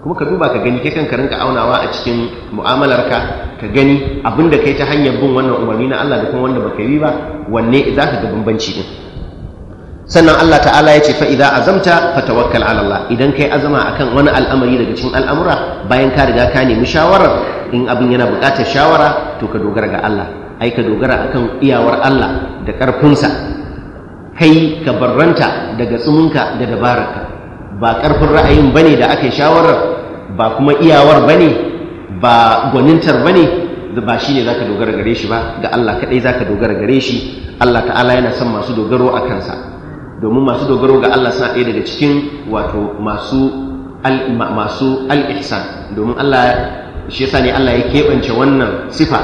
kuma ka duba ka gani kai kan rinka aunawa a cikin mu'amalarka ka gani abin da kai ta hanyar bin wannan umarni na Allah da kuma wanda baka yi ba wanne za ka ga bambanci din sannan Allah ta'ala ya ce fa idza azamta fatawakkal ala Allah idan yi azama akan wani al'amari daga cikin al'amura bayan ka riga ka nemi shawarar in abin yana buƙatar shawara to ka dogara ga Allah ai ka dogara akan iyawar Allah da ƙarfinsa kai ka barranta daga tsumunka da dabararka ba ƙarfin ra'ayin bane da aka shawarar ba kuma iyawar bane ba gwanintar bane ba shi ne za ka dogara gare shi ba ga Allah kaɗai za ka dogara gare shi Allah ta'ala yana son masu dogaro a kansa domin masu dogaro ga Allah suna ɗaya daga cikin wato masu al al'ihsan domin Allah shi yasa ne Allah ya keɓance wannan sifa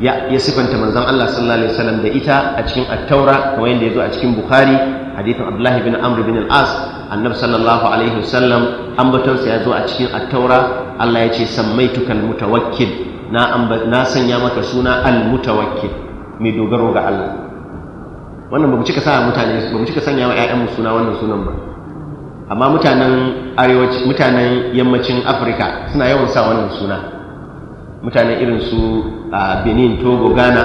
ya sifanta manzan Allah sallallahu alaihi wasallam da ita a cikin at-taura kamar yadda zo a cikin bukhari hadithin abdullahi bin amr bin al-as annab sallallahu alaihi wasallam ambatonsa ya zo a cikin at-taura Allah ya ce sammaituka al-mutawakkil na na sanya maka suna al-mutawakkil mai dogaro ga Allah wannan ba mu cika sa mutane ba mu cika sanya wa ƴaƴanmu suna wannan sunan ba amma mutanen arewaci mutanen yammacin afirka suna yawan sa wannan suna mutanen irin su a benin togo ghana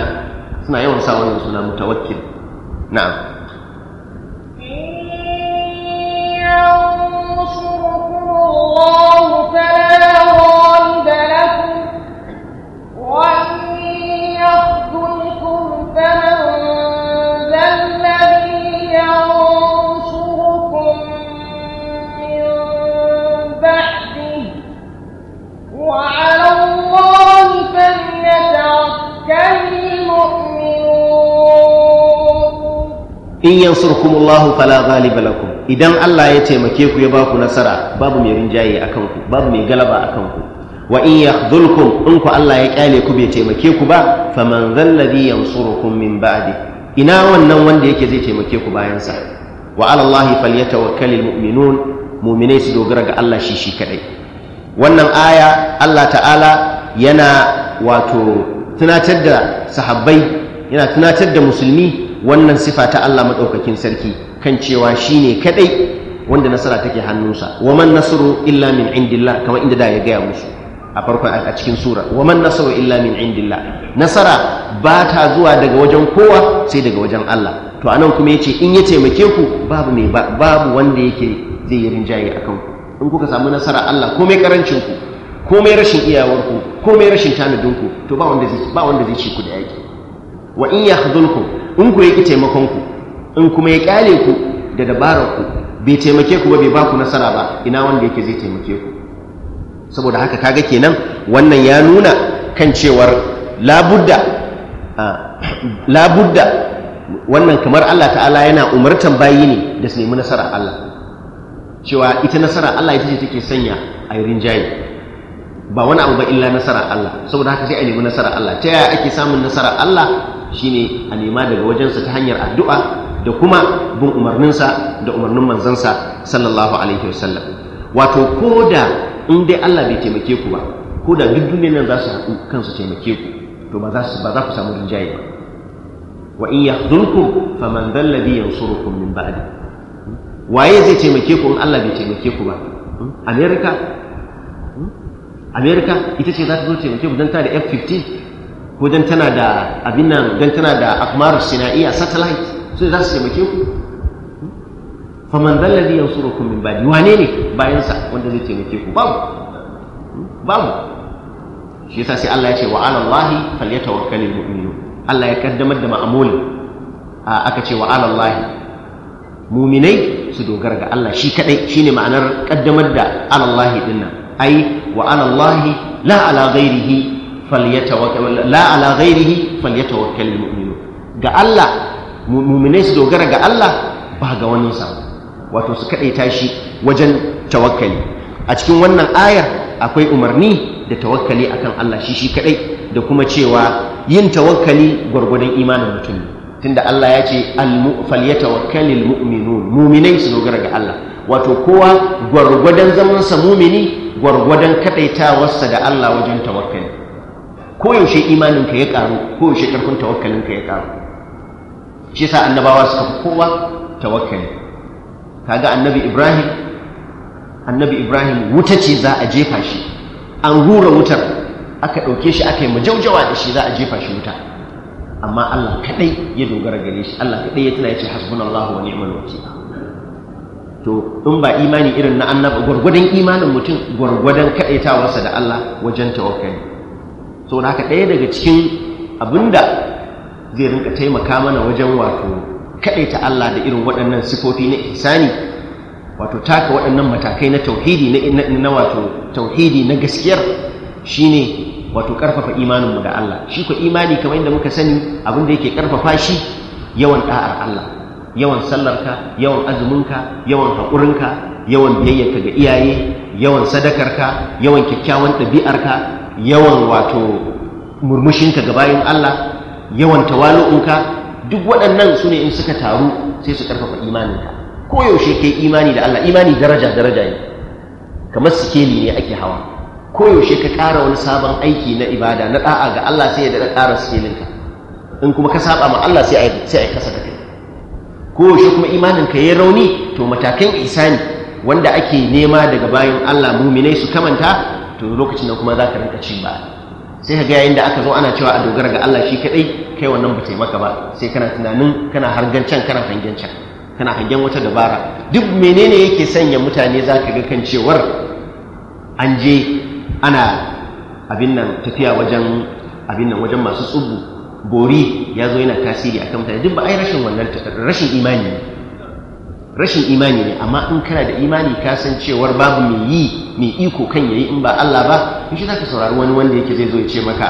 suna yawan sa wannan suna mutawakkil na'am ينصركم in yansurkumullahu fala ghaliba lakum idan Allah ya taimake ku ya ba ku nasara babu mai rinjaye a kanku babu mai galaba a kanku wa in yakhdhulkum in ku Allah ya kyale ku bai taimake ku ba faman zalladhi yansurukum min ba'di ina wannan wanda yake zai taimake ku bayan sa wa ala Allah falyatawakkalul mu'minun mu'minai su dogara ga Allah shi shi kadai wannan aya Allah ta'ala yana wato tunatar da sahabbai yana tunatar da musulmi wannan sifa ta Allah madaukakin sarki kan cewa shine ne kaɗai wanda nasara take hannunsa wa man nasaru illa min indillah kamar inda da ya gaya musu a farko a cikin sura wa man nasaru illa min indillah nasara ba ta zuwa daga wajen kowa sai daga wajen Allah to anan kuma yace in ya taimake ku babu mai babu wanda yake zai yi rinjaye akan ku in kuka samu nasara Allah komai karancin ku komai rashin iyawarku komai rashin ku to ba wanda zai ci ku da yaki wa in ya ku in ku yaki taimakon ku in kuma ya kyale ku da dabarar ku bai taimake ku ba bai baku nasara ba ina wanda yake zai taimake ku saboda haka kaga kenan wannan ya nuna kan cewar labudda labudda wannan kamar Allah ta'ala yana umartan bayi ne da su nemi nasara Allah cewa ita nasara Allah ita ce take sanya a yi rinjaye ba wani abu ba illa nasara Allah saboda haka sai a nemi nasara Allah ta yaya ake samun nasara Allah shine a nema daga wajensa ta hanyar addu'a da kuma bin umarninsa da umarnin manzansa sallallahu alaihi wasallam wato ko da in dai Allah bai taimake ku ba ko da duk duniyar nan za su haɗu kansu taimake ku to ba za ku samu rinjaye ba wa in ya fa man dhal ladhi surukun min ba'di waye zai taimake ku in Allah bai taimake ku ba America America ita ce za ta zo taimake ku don ta da F15 ko don tana da abin nan don tana da akmar sina'iya satellite so za su taimake ku faman dalladhi yansurukum min ba'di wane ne bayan wanda zai taimake ku babu babu shi yasa sai Allah ya ce wa 'ala Allahi falyatawakkalul mu'minun Allah ya kaddamar da ma'amuli aka ce wa 'ala Allahi muminai su dogara ga Allah shi kadai shine ma'anar kaddamar da 'ala Allahi dinnan ai wa 'ala Allahi la ala ghairihi falyatawakkal la ala ghairihi falyatawakkal almu'minu ga Allah mu'minai su dogara ga Allah ba ga wani sa wato su kadai shi wajen tawakkali a cikin wannan ayar akwai umarni da tawakkali akan Allah shi shi kadai da kuma cewa yin tawakkali gwargwadon imanin mutum tunda Allah ya ce falyatawakkalil mu'minun mu'minai su dogara ga Allah wato kowa gwargwadon zamansa mumini gwargwadon kadaitawarsa da Allah wajen tawakkali koyaushe imaninka ya karu koyaushe ƙarfin tawakkalinka ya karu shi sa annabawa suka fi kowa tawakkali kaga annabi ibrahim annabi ibrahim wuta ce za a jefa shi an rura wutar aka ɗauke shi aka yi majaujawa da shi za a jefa shi wuta amma allah kaɗai ya dogara gare shi allah kaɗai ya tuna ya ce hasbunallahu wa ni'mal wakil to in ba imani irin na annaba gwargwadon imanin mutum gwargwadon kaɗaitawarsa da allah wajen tawakkali na ka ɗaya daga cikin abinda zai rinka taimaka mana wajen wato kaɗai ta Allah da irin waɗannan sifofi na isani wato taka waɗannan matakai na tauhidi na wato tauhidi na gaskiyar shi ne wato ƙarfafa imaninmu da Allah shi ku imani kamar yadda muka sani abin da yake ƙarfafa shi yawan ɗa'ar Allah yawan sallarka yawan azuminka yawan haƙurinka yawan biyayyarka ga iyaye yawan sadakarka yawan kyakkyawan ɗabi'arka yawan wato murmushinka ga bayan Allah yawan tawalu'unka duk waɗannan su ne in suka taru sai su ƙarfafa imaninka ko yaushe kai imani da Allah imani daraja daraja ne kamar sikeli ne ake hawa ko yaushe ka ƙara wani sabon aiki na ibada na ɗa'a ga Allah sai ya daɗa ƙara sikelinka in kuma ka saba ma Allah sai a kasa kai ko yaushe kuma imaninka ya rauni to matakan isani wanda ake nema daga bayan Allah muminai su kamanta to lokacin nan kuma za ka rinka ci ba sai ka gaya yayin aka zo ana cewa a dogara ga Allah shi kaɗai kai wannan ba taimaka ba sai kana tunanin kana can kana hangen can kana hangen wata dabara duk menene yake sanya mutane za ka ga kan cewar an je ana abin nan tafiya wajen abin nan wajen masu tsubu bori ya zo yana tasiri akan mutane duk ba ai rashin wannan rashin imani rashin imani ne amma in kana da imani kasancewar cewar babu mai yi mai iko kan yayi in ba Allah ba in shi zaka saurari wani wanda yake zai zo ya ce maka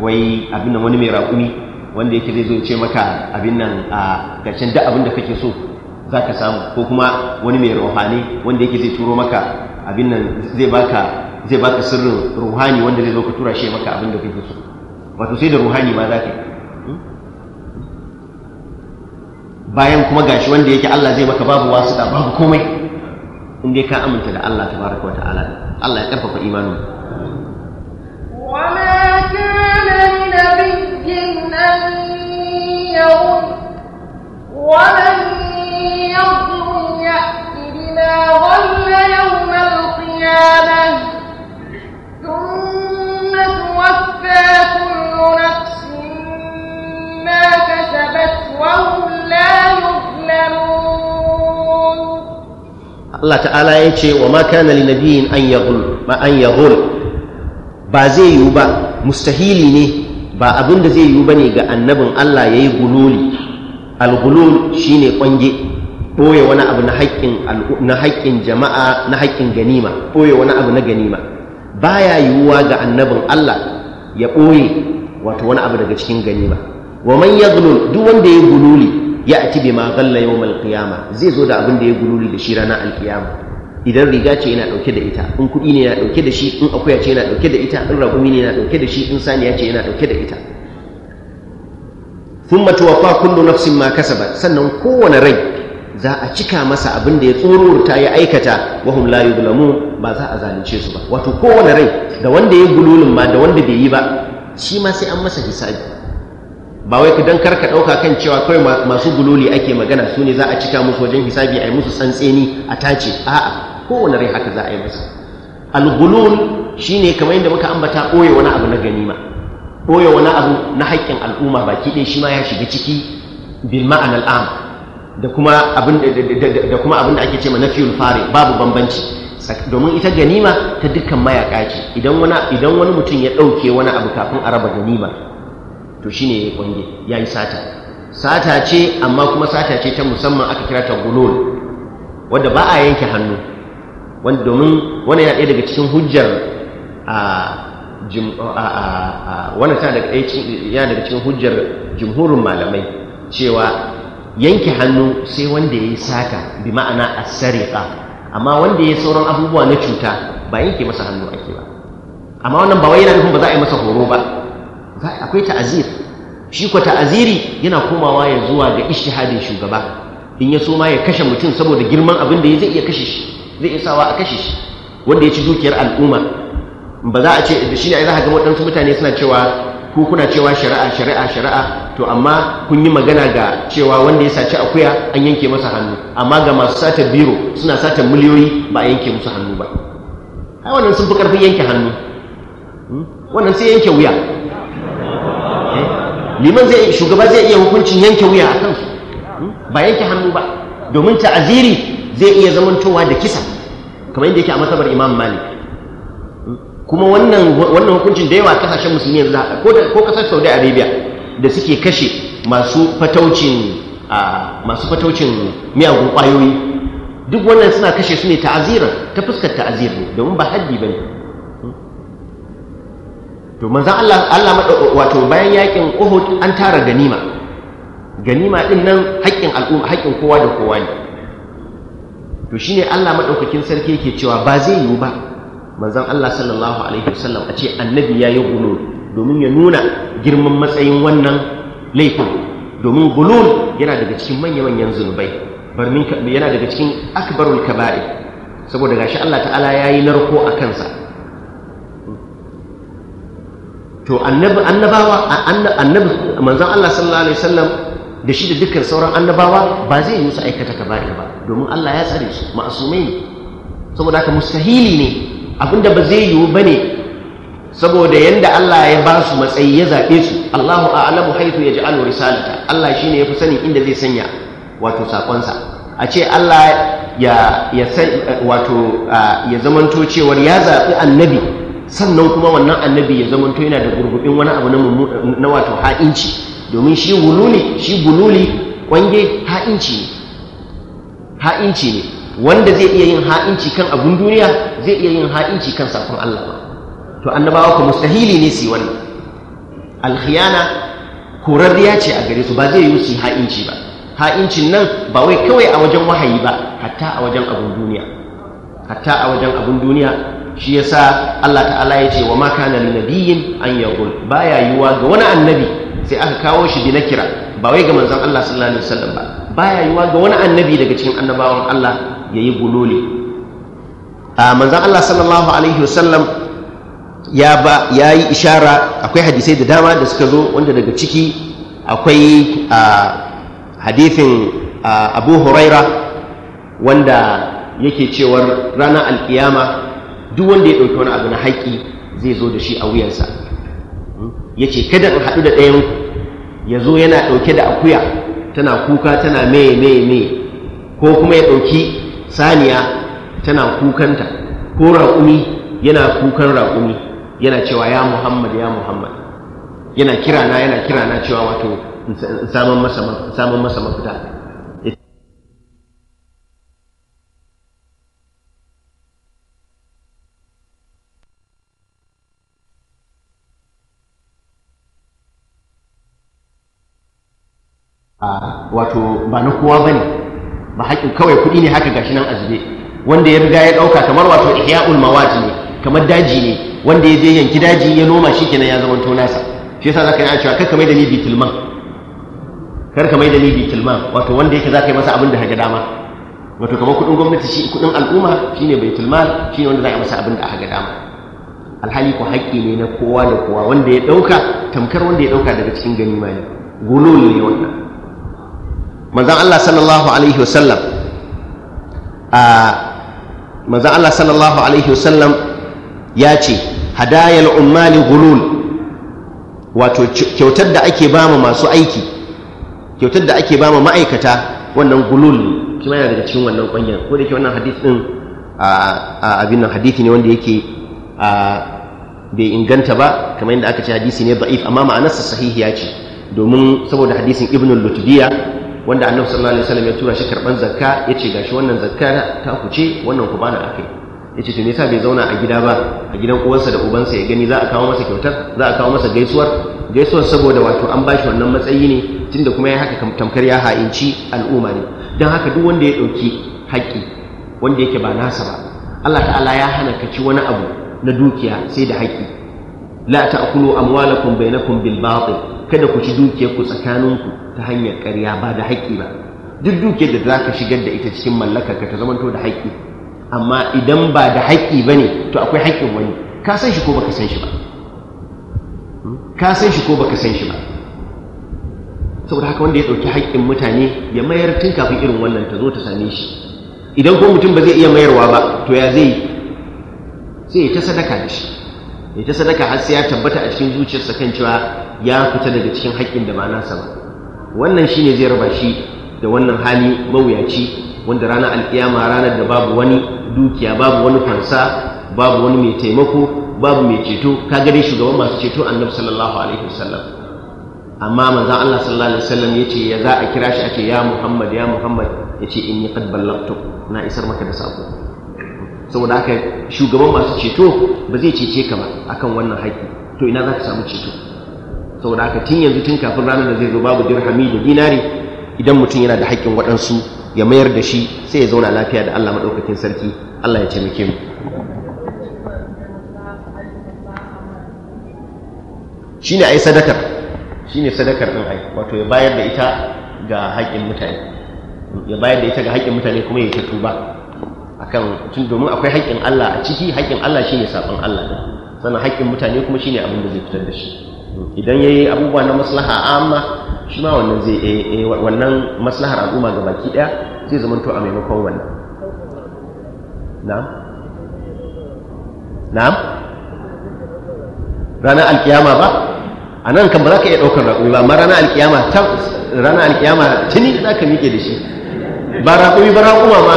wai abin nan wani mai raƙumi wanda yake zai zo ya ce maka abin nan a gashin duk abin da kake so zaka samu ko kuma wani mai ruhani wanda yake zai turo maka abin nan zai baka zai baka sirrin ruhani wanda zai zo ka tura shi maka abin da kake so wato sai da ruhani ma zaka yi bayan kuma gashi wanda yake Allah zai maka babu wasu da babu komai in dai ka aminta da Allah tabaraka wa ta'ala Allah ya karfafa imanin وما كان لنبي أن يغل ومن يغل يأت بما غل يوم القيامة Allah ta'ala ya ce wa ma kana li nabiyin an yaghul ma an yaghul ba zai yiwu ba mustahili ne ba abin da zai yiwu ba ne ga annabin Allah yayi gululi al-gulul shine kwange ɓoye wani abu na haƙƙin jama'a na haƙƙin ganima ɓoye wani abu na ganima baya yiwuwa ga annabin Allah ya ɓoye wato wani abu daga cikin ganima wa man yaghlul duk wanda ya yi gululi ya ati bi ma galla yawmal alƙiyama, zai zo da abin da ya gululi da shi ranar alkiyama idan riga ce yana dauke da ita in kuɗi ne yana dauke da shi in akuya ce yana dauke da ita in ragumi ne yana dauke da shi in saniya ce yana dauke da ita thumma wa kullu nafsin ma ba sannan kowane rai za a cika masa abin da ya tsororta ya aikata wa hum la ba za a zalunce su ba wato kowane rai da wanda ya gululin ma da wanda bai yi ba shi ma sai an masa hisabi ba wai ka dan ka ɗauka kan cewa kawai masu bululi ake magana su ne za a cika musu wajen hisabi a yi musu tsantseni a tace a'a kowane rai haka za a yi musu algulul shine kamar yadda muka ambata ɓoye wani abu na ganima ɓoye wani abu na haƙƙin al'umma baki ɗaya shi ma ya shiga ciki bil ma'an al'am da kuma abin da ake ce ma nafiyul fare babu bambanci domin ita ganima ta dukkan mayaka ce idan wani mutum ya ɗauke wani abu kafin a raba ganima to shi shine yayi kwange yi sata sata ce amma kuma sata ce ta musamman aka kira ta gulol wadda ba a yanke hannu wanda domin wani yana ɗaya daga cikin hujjar a wani ta daga cikin hujjar jimhurin malamai cewa yanke hannu sai wanda ya yi sata bi ma'ana a sarika amma wanda ya sauran abubuwa na cuta ba yanke masa hannu ake ba amma wannan ba wai yana nufin ba za a yi masa horo ba akwai ta'azir shi ko ta'aziri yana komawa ya zuwa ga ishtihadin shugaba in ya so ma ya kashe mutum saboda girman abin da zai iya kashe shi zai iya sawa a kashe shi wanda ya ci dukiyar al'umma ba za a ce da shi ne za a ga waɗansu mutane suna cewa ko kuna cewa shari'a shari'a shari'a to amma kun yi magana ga cewa wanda ya saci akuya an yanke masa hannu amma ga masu sata biro suna sata miliyoyi ba a yanke musu hannu ba ai wannan sun fi karfin yanke hannu hmm? wannan sai yanke wuya liman zai shugaba zai iya hukuncin yanke wuya a kansu hmm? ba yanke hannu ba domin ta'aziri zai iya zamantowa da kisa kamar yadda yake a matsabar imam malik hmm? kuma wannan wannan hukuncin da yawa kasashen musulmi yanzu ko kasar saudi arabia da suke kashe masu fataucin masu miyagun kwayoyi duk wannan suna kashe su ne ta'azira ta fuskar ta azira domin ba haddi ne. to manzan Allah Allah wato bayan yakin Uhud an tara ganima ganima din nan haƙƙin al'umma haƙƙin kowa da kowa ne to shine Allah madaukakin sarki yake cewa ba zai yiwu ba manzan Allah sallallahu alaihi wasallam a ce annabi ya yi gulul domin ya nuna girman matsayin wannan laifin domin gulul yana daga cikin manya-manyan zunubai yana daga cikin akbarul kaba'ir saboda gashi Allah ta'ala ya yi narko a kansa to annabi annabawa annabi manzon Allah sallallahu alaihi wasallam da shi da dukkan sauran annabawa ba zai yi musu aikata kaba'ir ba domin Allah ya tsare su ma'asumai ne saboda haka mustahili ne abinda ba zai yiwu ne, saboda yanda Allah ya ba su matsayi ya zabe su Allahu a'lamu haythu yaj'alu risalata Allah shine yafi sanin inda zai sanya wato sakonsa a ce Allah ya ya wato ya zamanto cewar ya zabi annabi sannan kuma wannan annabi ya zamanto yana da gurgubin wani abu na wato ha'inci domin shi wululi shi bululi kwange ha'inci ne ha'inci ne wanda zai iya yin ha'inci kan abun duniya zai iya yin ha'inci kan sakon Allah ba to annabawa ku mustahili ne su wannan alkhiyana kurariya ce a gare su ba zai yi su ha'inci ba ha'incin nan ba wai kawai a wajen wahayi ba hatta a wajen abun duniya hatta a wajen abun duniya shi ya sa Allah ta'ala ya ce wa ma nabiyin an yagul Ba ya yi wa ga wani annabi sai aka kawo shi bi kira. ba wai ga manzan Allah sallallahu alaihi wasallam ba yi wa ga wani annabi daga cikin annabawan Allah yi gulole a Manzan Allah sallallahu alaihi wasallam ya ba yi ishara akwai hadisai da dama da suka zo wanda daga ciki akwai hadifin Abu Huraira wanda yake cewar ranar alkiyama duk wanda ya ɗauki wani abu na haƙƙi zai zo da shi a wuyansa hmm? ya ce kada in haɗu da ɗayan ya zo yana ɗauke da akuya tana kuka tana meye meye meye ko kuma ya ɗauki saniya tana kukanta ko raƙumi yana kukan raƙumi yana cewa ya muhammad ya muhammad yana kirana yana kirana cewa wato samun masa mafita wato ba na kowa ba ne ba haƙƙin kawai kuɗi ne haka gashi nan azube wanda ya riga ya ɗauka kamar wato ihya'ul mawaji ne kamar daji ne wanda ya je yanki daji ya noma shi kenan ya zama to nasa shi yasa zaka yi cewa kar mai da ni bi kar karka mai da ni bitulman wato wanda yake zaka yi masa abin da haga dama wato kamar kuɗin gwamnati shi kuɗin al'umma shine baitulmal shine wanda za a masa abin da haga dama alhali ko haƙƙi ne na kowa da kowa wanda ya ɗauka tamkar wanda ya ɗauka daga cikin ganima ne gulol ne wannan Manzan Allah sallallahu alaihi wasallam a manzan Allah sallallahu alaihi wasallam ya ce hadayal ummali gulul wato kyautar da ake mu masu aiki kyautar da ake mu ma'aikata wannan gulul kuma yana daga cikin wannan kwanyar ko da ke wannan hadith din a abin nan hadithi ne wanda yake bai inganta ba kamar yadda aka ce hadisi ne ba'if amma ma'anarsa sahihiya ce domin saboda hadisin ibnul lutbiya wanda annabi sallallahu alaihi wasallam ya tura shi karban zakka yace gashi wannan zakka ta ku ce wannan ku bana akai yace to me yasa bai zauna a gida ba a gidan uwansa da ubansa ya gani za a kawo masa kyautar za a kawo masa gaisuwar gaisuwar saboda wato an bashi wannan matsayi ne tunda kuma ya haka tamkar ya ha'inci al'umma ne dan haka duk wanda ya dauki haƙi wanda yake ba nasa ba Allah ta'ala ya hana ka ci wani abu na dukiya sai da haƙi la ta'kulu amwalakum bainakum bil batil kada ku ci dukiyarku tsakaninku ta hanyar ƙarya ba da haƙƙi ba duk dukiyar da za ka shigar da ita cikin mallaka ka ta zamanto da haƙƙi amma idan ba da haƙƙi ba ne to akwai haƙƙin wani ka san shi ko baka san shi ba ka san shi hmm? ko baka san shi ba saboda haka wanda ya ɗauki haƙƙin mutane ya mayar tun kafin irin wannan ta zo ta same shi idan ko mutum ba zai iya mayarwa ba to ya zai sai ya ta sadaka da shi ya ta sadaka har sai ya tabbata a cikin zuciyarsa kan cewa ya fita daga cikin haƙƙin da ba nasa ba wannan shi ne zai raba shi da wannan hali mawuyaci wanda ranar alƙiyama ranar da babu wani dukiya babu wani fansa babu wani mai taimako babu mai ceto ka gare shugaban masu ceto annabi sallallahu alaihi wasallam amma manzon Allah sallallahu alaihi wasallam yace ya za a kira shi ake ya Muhammad ya Muhammad in inni qad ballagtu na isar maka da sako saboda haka shugaban masu ceto ba zai cece ka ba akan wannan haƙƙi to ina za ka samu ceto saboda haka tun yanzu tun kafin ranar da zai zo babu dirhami da dinari idan mutum yana da haƙƙin waɗansu ya mayar da shi sai ya zauna lafiya da Allah maɗaukakin sarki Allah ya taimake mu shine ai sadakar shine sadakar ɗin ai wato ya bayar da ita ga haƙƙin mutane ya bayar da ita ga haƙƙin mutane kuma ya ta tuba akan tun domin akwai haƙƙin Allah a ciki haƙƙin Allah shine sabon Allah sannan haƙƙin mutane kuma shine abin da zai fitar da shi idan ya yi abubuwa na maslaha amma shi ma wannan zai eh, eh, wannan maslahar al'umma ga baki ɗaya zai zama to a maimakon wannan na'am na'am ranar alkiyama ba a nan kan ba za ka iya ɗaukar raƙumi ba amma ranar alkiyama ranar alkiyama tuni da za ka miƙe da shi ba raƙumi ba raƙuma ma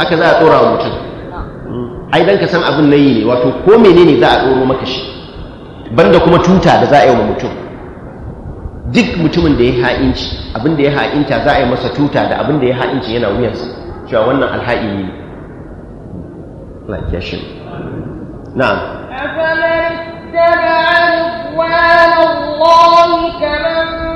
haka za a ɗora wa mutum hmm. ai dan ka san abin na yi ne wato ko menene za a ɗoro maka shi banda kuma tuta da za a yi wa mutum duk mutumin da ya ha'inci abin da ya ha'inta za a yi masa tuta da abin da ya ha'inci yana wuyansa cewa wannan alha'i ne like ya shi na'am afaman tabi'a wa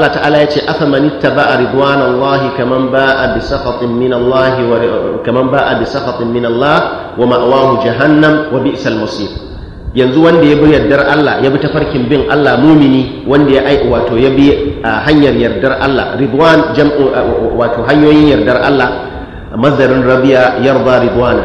Allah ta'ala ya ce afaman ittaba'a ridwanallahi kaman ba'a bi sakhatin min Allah wa kaman ba'a bi sakhatin min Allah wa ma'wahu jahannam wa bi'sal masir yanzu wanda ya bi yardar Allah ya bi tafarkin bin Allah mumini wanda ya ai wato ya bi hanyar yardar Allah ridwan jam'u wato hanyoyin yardar Allah mazarin rabiya yarda ridwana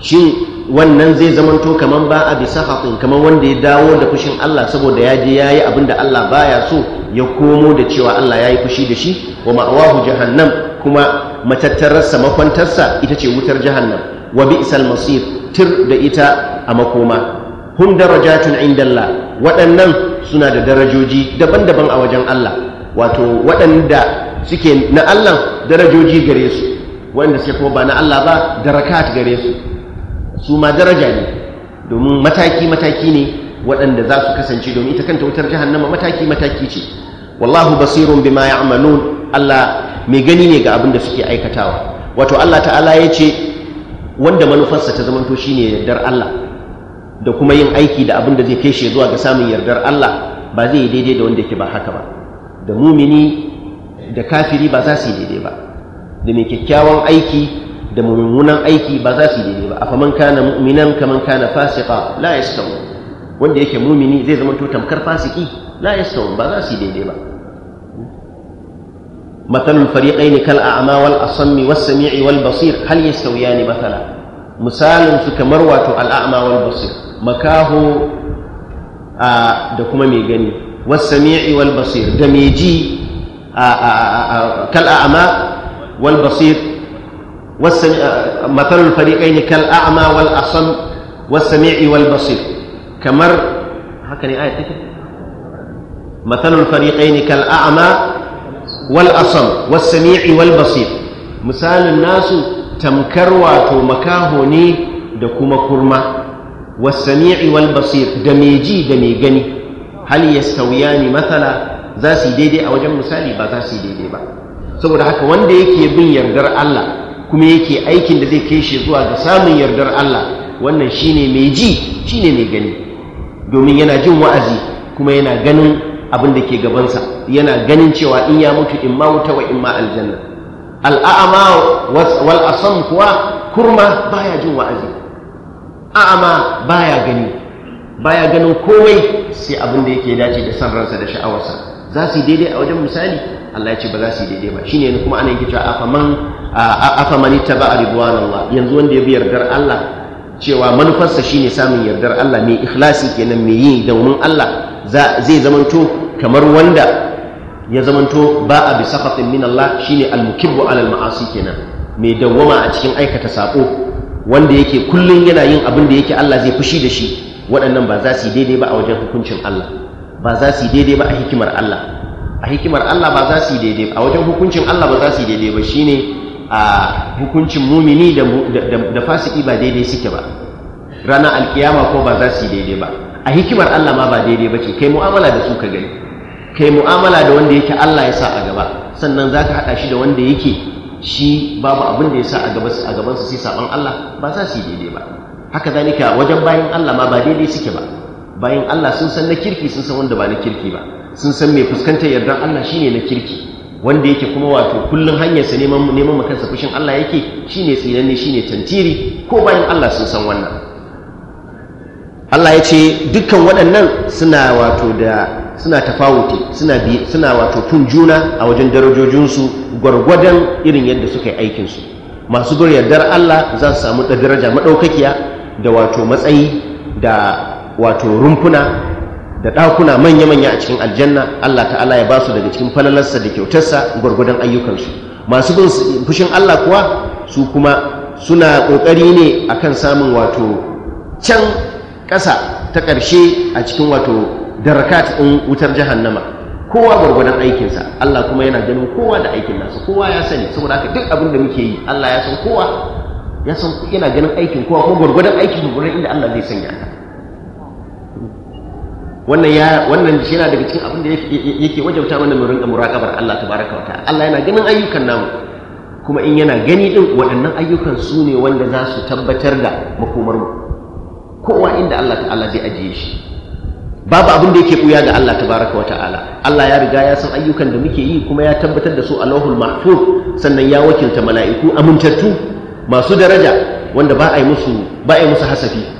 shi wannan zai zamanto kaman ba a bisa kaman wanda ya dawo da fushin Allah saboda ya je yayi yi abin da Allah baya so ya komo da cewa Allah ya yi fushi da shi wa ma'awahu jahannam kuma matattararsa makwantarsa ita ce wutar jahannam wa bi'sal masir tir da ita a makoma hum darajatun indallah waɗannan suna da darajoji daban-daban a wajen Allah wato waɗanda suke na Allah darajoji gare su waɗanda suke kuma ba na Allah ba darakat gare su su ma daraja ne domin mataki-mataki ne waɗanda za su kasance domin ita kanta wutar jahannama mataki-mataki ce wallahu basirun bima ya'malun Allah mai gani ne ga abin da suke aikatawa wato Allah ta'ala ya ce wanda manufarsa ta zamanto shine yardar Allah da kuma yin aiki da abin da zai kai shi zuwa ga samun yardar Allah ba zai daidai da wanda yake ba haka ba da mumini da kafiri ba za su yi daidai ba da mai kyakkyawan aiki da mummunan aiki ba za su yi daidai ba afaman kana mu'minan kaman kana fasiqa la yastawun wanda yake mumini zai zama to tamkar fasiki la yastawun ba za su yi daidai ba matalul fariqaini kal a'ma wal asammi was sami'i wal basir hal yastawiyani mathala misalin su kamar wato al a'ma wal basir makaho da kuma mai gani was sami'i wal basir da mai ji kal a'ma wal basir مثل الفريقين كالأعمى والأصم والسميع والبصير kamar haka ne ayat take masalul fariqain kal a'ma wal asam misalin nasu tamkar wato makaho ne da kuma kurma wasami'i sami'i da mai ji da mai gani hal yastawiyani matsala za su daidai a wajen misali ba za su daidai ba saboda haka wanda yake bin yardar Allah kuma yake aikin da zai kai shi zuwa ga samun yardar Allah wannan shine mai ji shine mai gani domin yana jin wa'azi kuma yana ganin abin da ke gabansa yana ganin cewa in ya mutu in ma wuta wa in ma aljanna al'a'ama wal kuwa kurma baya jin wa'azi a'ama baya gani baya ganin komai sai abin da yake dace da san ransa da sha'awarsa za su yi daidai a wajen misali Allah ya ce ba za su yi daidai ba shine kuma ana yake cewa afaman ba a ridwanallah yanzu wanda ya bi yardar Allah cewa manufarsa shine samun yardar Allah mai ikhlasi kenan mai yi daunin Allah zai zamanto kamar wanda ya zamanto ba a bi sakhatin min Allah shine al-mukibbu alal ma'asi kenan mai dawwama a cikin aikata sako wanda yake kullum yana yin abin da yake Allah zai fushi da shi waɗannan ba za su yi daidai ba a wajen hukuncin Allah ba za su daidai ba a hikimar Allah a hikimar Allah ba za su yi daidai a wajen hukuncin Allah ba za su daidai ba shine a hukuncin mumini da fasiki ba daidai suke ba rana alkiyama ko ba za su yi daidai ba a hikimar Allah ma ba daidai ba ce kai mu'amala da su ka gani kai mu'amala da wanda yake Allah ya sa a gaba sannan za ka haɗa shi da wanda yake shi babu abin da ya sa a gabansu sai saɓon Allah ba za su yi daidai ba haka zalika wajen bayan Allah ma ba daidai suke ba bayan Allah sun san na kirki sun san wanda ba na kirki ba sun san mai fuskantar yardan Allah shi ne na kirki wanda yake kuma wato kullum hanyarsa neman neman makansa fushin Allah yake shine tsinanne shine tantiri ko bayan Allah sun san wannan Allah ya ce dukkan waɗannan suna wato da suna tafawuti suna wato kun juna a wajen darajojinsu gwargwadon irin yadda suka yi aikinsu masu gur yardar Allah za su samu daraja maɗaukakiya da wato matsayi da wato rumfuna da ɗakuna manya-manya a cikin aljanna Allah ta'ala ya ba su daga cikin falalarsa da kyautarsa gwargwadon ayyukansu masu bin fushin Allah kuwa su kuma suna ƙoƙari ne a kan samun wato can ƙasa ta ƙarshe a cikin wato darakat ɗin wutar jahannama kowa gwargwadon aikinsa Allah kuma yana ganin kowa da aikin nasa kowa ya sani saboda haka duk abin da muke yi Allah ya san kowa ya san yana ganin aikin kowa kuma gwargwadon aikin gwargwadon inda Allah zai sanya ta wannan ya wannan shi yana daga cikin abin da yake wajauta mana mu rinka muraqabar Allah tabaraka wa ta'ala Allah yana ganin ayyukan namu kuma in yana gani din waɗannan ayyukan su ne wanda za su tabbatar da makomar mu kowa inda Allah ta'ala zai ajiye shi babu abin da yake buya ga Allah baraka wa ta'ala Allah ya riga ya san ayyukan da muke yi kuma ya tabbatar da su a lawhul mahfuz sannan ya wakilta mala'iku amintattu masu daraja wanda ba a ba a yi musu hasafi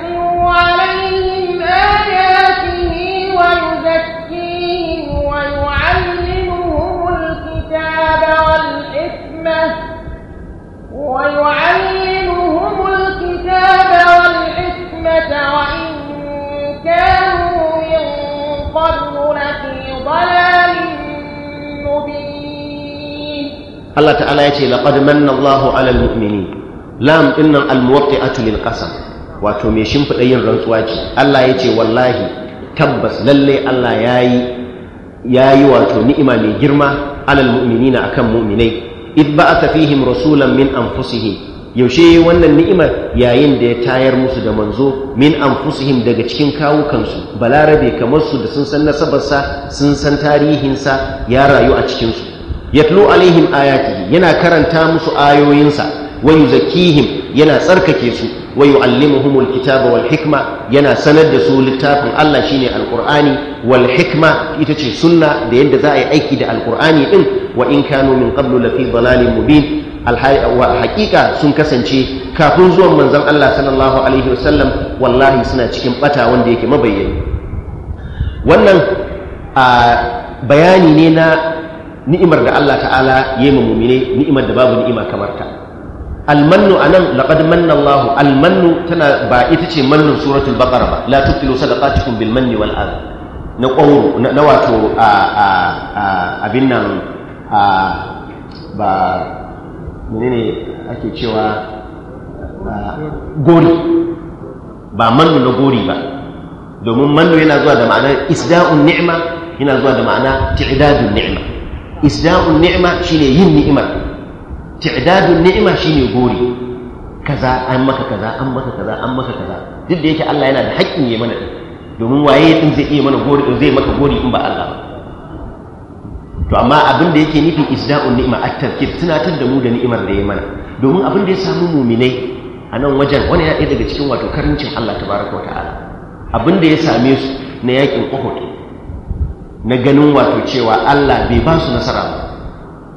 Allah ta'ala ya ce laqad manna Allahu 'alal mu'minin lam ɗinnan al-muwaqqi'atu lil qasam wato mai shimfida yin rantsuwa ce Allah ya ce wallahi tabbas lalle Allah yayi yayi wato ni'ima mai girma 'alal mu'minina akan mu'minai id ba'atha fihim rasulan min anfusihim yaushe wannan ni'imar yayin da ya tayar musu da manzo min anfusihim daga cikin kawukansu balarabe kamar su da sun san nasabarsa sun san tarihinsa ya rayu a cikinsu yatlu alaihim ayatihi yana karanta musu ayoyinsa Wayu zakihim, yana tsarkake su Wayu allimuhumul kitaba wal hikma yana sanar da su littafin Allah shine alqur'ani wal hikma ita ce sunna da yadda za a yi aiki da alqur'ani din wa in kanu min qablu lafi dalalin mubin wa haƙiƙa sun kasance kafin zuwan manzon Allah sallallahu alaihi wasallam wallahi suna cikin bata wanda yake mabayyani wannan a bayani ne na ni'imar da Allah ta'ala ya yi mumine ni'imar da babu ni'ima kamar ta almannu anan laqad manna Allahu almannu tana ba ita ce mannun suratul baqara ba la tubtilu sadaqatukum bil manni wal adha na qawru na wato a a abin nan a ba menene ake cewa gori ba mannu na gori ba domin mannu yana zuwa da ma'anar isda'un ni'ima yana zuwa da ma'ana ti'dadun ni'ima isda'un ni'ima shine yin ni'imar ti'dadun ni'ima shine gori kaza an maka kaza an maka kaza an maka kaza duk da yake Allah yana da haƙƙin yi mana domin waye din zai iya mana gori zai maka gori in ba Allah ba to amma abin da yake nufi isda'un ni'ima at-tarkib tunatar da mu da ni'imar da ya mana domin abin da ya samu muminai a nan wajen wani ya daga cikin wato karancin Allah tabaraka wa ta'ala abin da ya same su na yakin Uhud na ganin wato cewa Allah bai ba su nasara ba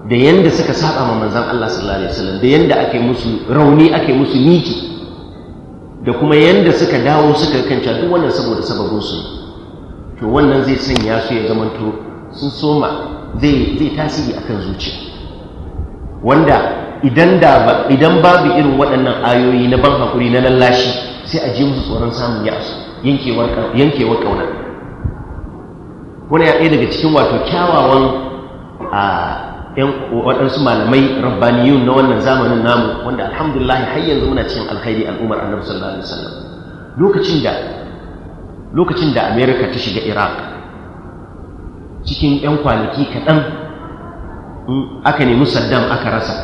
da yanda suka saba ma manzon Allah sallallahu alaihi wasallam da yanda ake musu rauni ake musu niki da kuma yanda suka dawo suka kanta duk wannan saboda sababin su to wannan zai sanya su ya zamanto sun soma zai zai tasiri akan zuciya wanda idan da idan babu irin waɗannan ayoyi na ban hakuri na lallashi sai a ji musu tsoron samun yasu yankewar yankewar wani ya ɗaya daga cikin wato kyawawan a yan waɗansu malamai rabbaniyun na wannan zamanin namu wanda alhamdulillah har yanzu muna cikin alkhairi al'umar annabi sallallahu alaihi wasallam lokacin da lokacin da america ta shiga iraq cikin 'yan kwanaki kaɗan aka nemi saddam aka rasa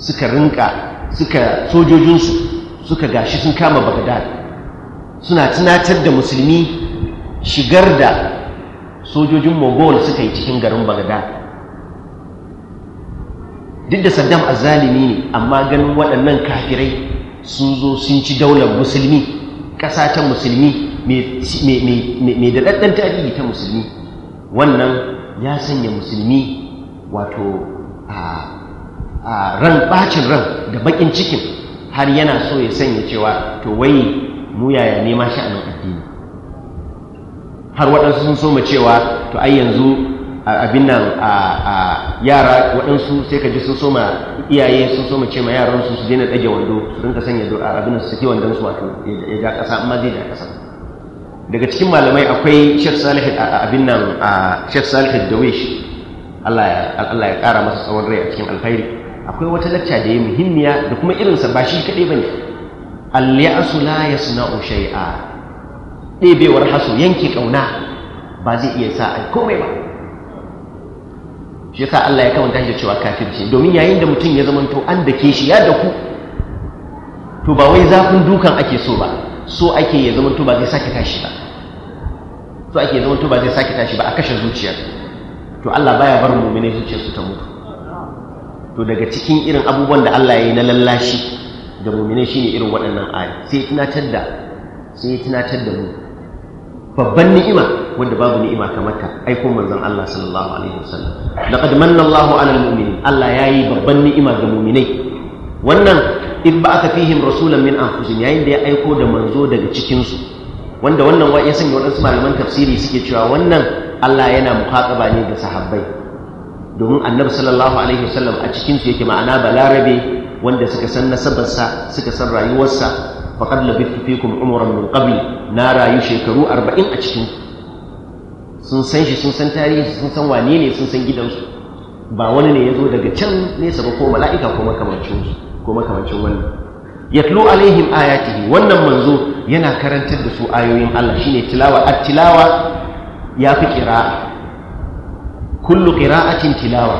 suka rinka suka sojojinsu suka gashi sun kama bagdad suna tunatar da musulmi shigar da sojojin mogol suka yi cikin garin bagada duk da saddam azalimi ne amma ganin waɗannan kafirai sun zo sun ci daular musulmi ƙasa ta musulmi mai daɗaɗɗen tarihi ta musulmi wannan ya sanya musulmi wato a ran ɓacin ran da baƙin cikin har yana so ya sanya cewa to wai mu yaya nema sha'anin addini har waɗansu sun soma cewa to ai yanzu abin nan a yara waɗansu sai ka ji sun soma iyaye sun soma ce ma yaransu su daina ɗage wando su rinka sanya abin su saki wandon su wato ya ja ƙasa amma zai ja ƙasa daga cikin malamai akwai Sheikh Salih abin nan a Sheikh Salih Dawish Allah ya ƙara masa tsawon rai a cikin alkhairi akwai wata lacca da ya muhimmiya da kuma irinsa ba shi kaɗai bane al-ya'su la yasna'u ɗebewar hasu yanke ƙauna ba zai iya sa a komai ba shi yasa Allah ya kamanta shi cewa kafirci domin yayin da mutum ya zamanto an ke shi ya daku to ba wai zafin dukan ake so ba so ake ya zamanto ba zai sake tashi ba so ake zamanto ba zai sake tashi ba a kashe zuciyar to Allah baya bar mu'mini zuciyar su ta mutu to daga cikin irin abubuwan da Allah ya yi na lallashi da mu'mini shine irin waɗannan ayi sai tunatar da sai tunatar da mu babban ni'ima wanda babu ni'ima kamar ta aiko manzon Allah sallallahu alaihi wasallam laqad manna Allahu 'alal mu'minin Allah yayi babban ni'ima ga mu'minai wannan in ba aka fihim rasulan min anfusihim yayin da ya aiko da manzo daga cikin su wanda wannan ya sanya wadansu malaman tafsiri suke cewa wannan Allah yana muhaqaba ne da sahabbai domin annabi sallallahu alaihi wasallam a cikin su yake ma'ana balarabe wanda suka san nasabarsa suka san rayuwarsa faqad labithtu fikum umran min qabli na rayu shekaru arba'in a cikin sun san shi sun san tarihi sun san wane ne sun san gidansu ba wani ne ya zo daga can nesa ba ko mala'ika ko makamancin ko makamancin wannan yatlu alaihim ayatihi wannan manzo yana karantar da su ayoyin Allah shine tilawa at-tilawa ya fi qira'a kullu qira'atin tilawa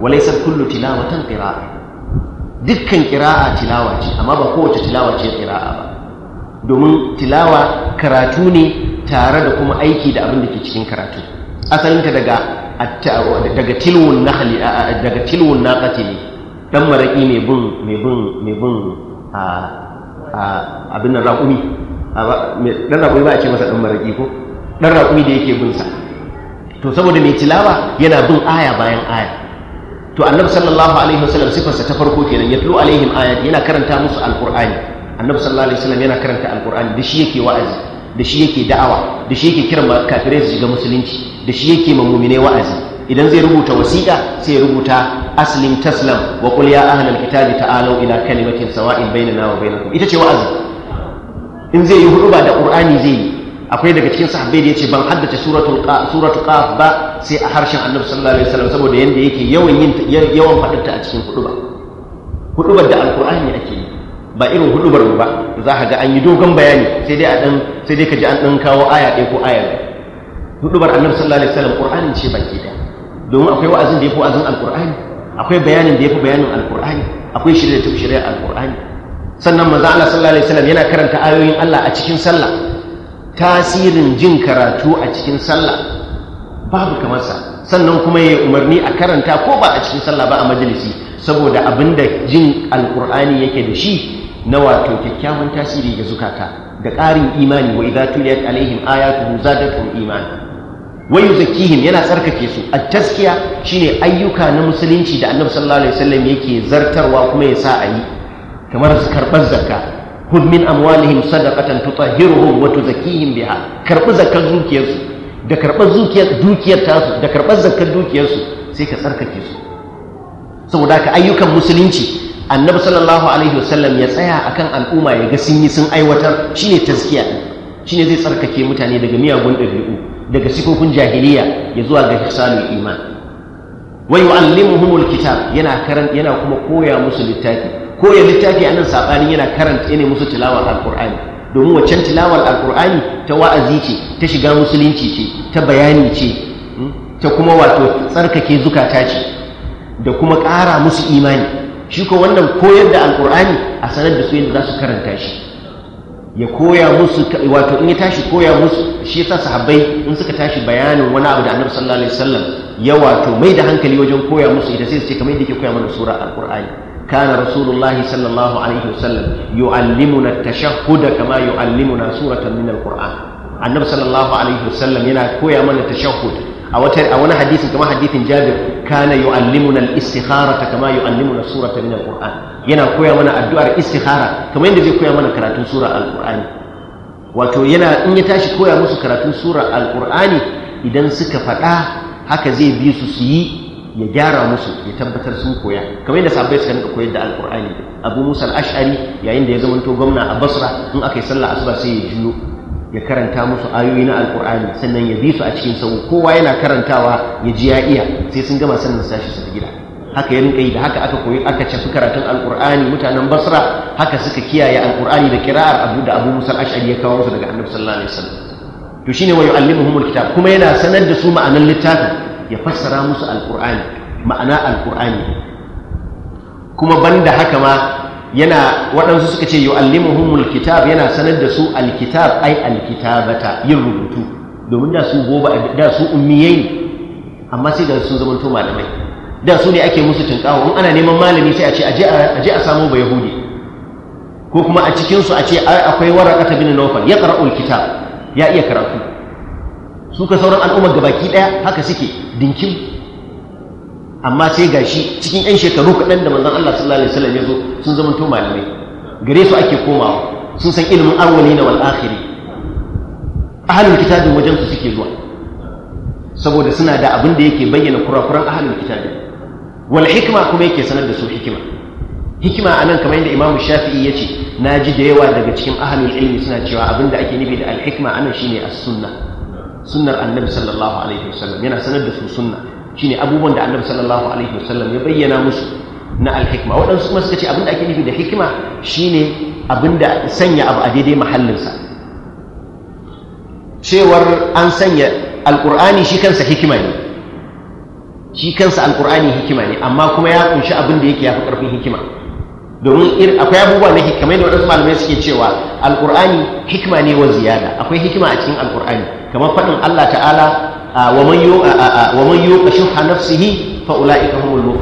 wa kullu tilawatan qira'a dukkan kira'a tilawa ce amma ba kowace tilawa ce kira'a ba domin tilawa karatu ne tare da kuma aiki da abin da ke cikin karatu asalinta daga daga tilwun nakhli daga tilwun naqati mai bin mai a raƙumi dan raƙumi ba a ce masa dan maraki ko dan raƙumi da yake bin sa to saboda mai tilawa yana bin aya bayan aya to annabi sallallahu alaihi wasallam sifarsa ta farko kenan yatlu alaihim ayat yana karanta musu alqur'ani annabi sallallahu alaihi wasallam yana karanta alqur'ani da shi yake wa'azi da shi yake da'awa da shi yake kiran kafirai su shiga musulunci da shi yake mamumine wa'azi idan zai rubuta wasiƙa sai ya rubuta aslim taslam wa qul ya ahlal kitabi ta'alu ila kalimatin sawa'in bainana wa bainakum ita ce wa'azi in zai yi hudu da qur'ani zai yi akwai daga cikin sahabbai da yace ban haddace suratul suratul qaf ba sai a harshen annabi sallallahu alaihi wasallam saboda yanda yake yawan yin yawan fadarta a cikin huduba hudubar da alqur'ani ake yi ba irin hudubar mu ba za ka ga an yi dogon bayani sai dai a dan sai dai ka ji an dan kawo aya ɗaya ko aya ɗaya hudubar annabi sallallahu alaihi wasallam qur'ani ce baki da domin akwai wa'azin da yafi wa'azin alqur'ani akwai bayanin da yafi bayanin alqur'ani akwai shirye da tafi alqur'ani sannan manzo Allah sallallahu alaihi wasallam yana karanta ayoyin Allah a cikin sallah tasirin jin karatu a cikin sallah babu kamarsa sannan kuma ya umarni a karanta ko ba a cikin sallah ba a majalisi saboda abinda da jin alkur'ani yake da shi na wato kyakkyawan tasiri ga zukata da ƙarin imani wa idza tuliyat alaihim ayatuhu zadatuhum iman wa yuzakkihim yana tsarkake su a taskiya shine ayyuka na musulunci da annabi sallallahu alaihi wasallam yake zartarwa kuma ya sa a yi kamar karɓar zakka khudh min amwalihim sadaqatan tutahhiruhum wa tuzakkihim biha karbi zakar dukiyarsu da karbar dukiyar dukiyar tasu da karbar zakar dukiyarsu sai ka tsarkake su saboda ka ayyukan musulunci annabi sallallahu alaihi wasallam ya tsaya akan al'umma ya ga sun yi sun aiwatar shine tazkiya shine zai tsarkake mutane daga miyagun ɗabi'u daga sifofin jahiliya ya zuwa ga hisalul iman wa yu'allimuhumul kitab yana karan yana kuma koya musu littafi ko ya littafi anan saɓanin yana karanta ne musu tilawar Alƙur'ani, domin waccan tilawar Alƙur'ani ta wa'azi ce ta shiga musulunci ce ta bayani ce hmm, ta kuma wato tsarkake zukata ce da kuma ƙara musu imani shi ko wannan koyar da Alƙur'ani a sanar da su yadda za su karanta shi ya koya musu wato in ya tashi koya musu shi yasa sahabbai in suka tashi bayanin wani abu da annabi sallallahu alaihi wasallam ya wato mai da hankali wajen koya musu ita sai su ce kamar yadda yake koya mana sura alqur'ani كان رسول الله صلى الله عليه وسلم يعلمنا التشهد كما يعلمنا سورة من القرآن النبي صلى الله عليه وسلم ينا كويا من التشهد أو أنا حديث كما حديث جابر كان يعلمنا الاستخارة كما يعلمنا سورة من القرآن ينا كويا من الدعاء الاستخارة كما يندزي كويا من كراتون سورة القرآن wato yana in ya tashi koya musu karatun sura alkur'ani idan suka faɗa haka zai bi su su yi ya gyara musu ya tabbatar sun koya kamar yadda sabbai suka nika koyar da alkur'ani abu musa al'ashari yayin da ya zamanto gwamna a basra in aka yi sallah asuba sai ya juyo ya karanta musu ayoyi na alkur'ani sannan ya bi su a cikin sau kowa yana karantawa ya ji ya iya sai sun gama sannan sashi su gida haka ya rinka yi da haka aka koyi aka cafi karatun alkur'ani mutanen basra haka suka kiyaye alkur'ani da kira'ar abu da abu musa al'ashari ya kawo musu daga annabi sallallahu alaihi wasallam to shine wa yu'allimuhumul kitab kuma yana sanar da su ma'anar littafin ya fassara musu alkur'ani ma'ana alkur'ani kuma banda haka ma yana waɗansu suka ce yu'allimuhumul kitab yana sanar da su alkitab ai alkitabata yin rubutu domin da su goba da su ummiyai amma sai da sun zamanto malamai da su ne ake musu tunkawo in ana neman malami sai a ce a je a samo ba yahudi ko kuma a cikinsu a ce akwai waraqata bin nawfal ya qara'ul kitab ya iya karatu Su ka sauran al'ummar baki ɗaya haka suke dinkin amma sai gashi cikin 'yan shekaru kaɗan da manzan Allah sallallahu alaihi wasallam ya zo sun zama to malamai gare su ake komawa sun san ilimin arwani na wal'akhiri Ahalin kitabin wajen su suke zuwa saboda suna da abin da yake bayyana kurakuran ahalin kitabin wal hikima kuma yake sanar da su hikima hikima anan kamar yadda imamu shafi'i ya ce na ji da yawa daga cikin ahalin ilimi suna cewa abin da ake nufi da al anan shine as-sunnah sunnar annabi sallallahu alaihi wasallam yana sanar da su sunna shine abubuwan da annabi sallallahu alaihi wasallam ya bayyana musu na alhikma waɗansu kuma suka ce abin da ake nufi da hikima shine abin da sanya abu a daidai mahallinsa cewar an sanya alkur'ani shi kansa hikima ne shi kansa alƙur'ani hikima ne amma kuma ya kunshi abin da yake fi ƙarfin hikima domin akwai abubuwa na kamar da waɗansu malamai suke cewa alƙur'ani hikima ne wa ziyada akwai hikima a cikin alƙur'ani kamar faɗin Allah ta'ala wa man yuqa shuha nafsihi fa ulaika humul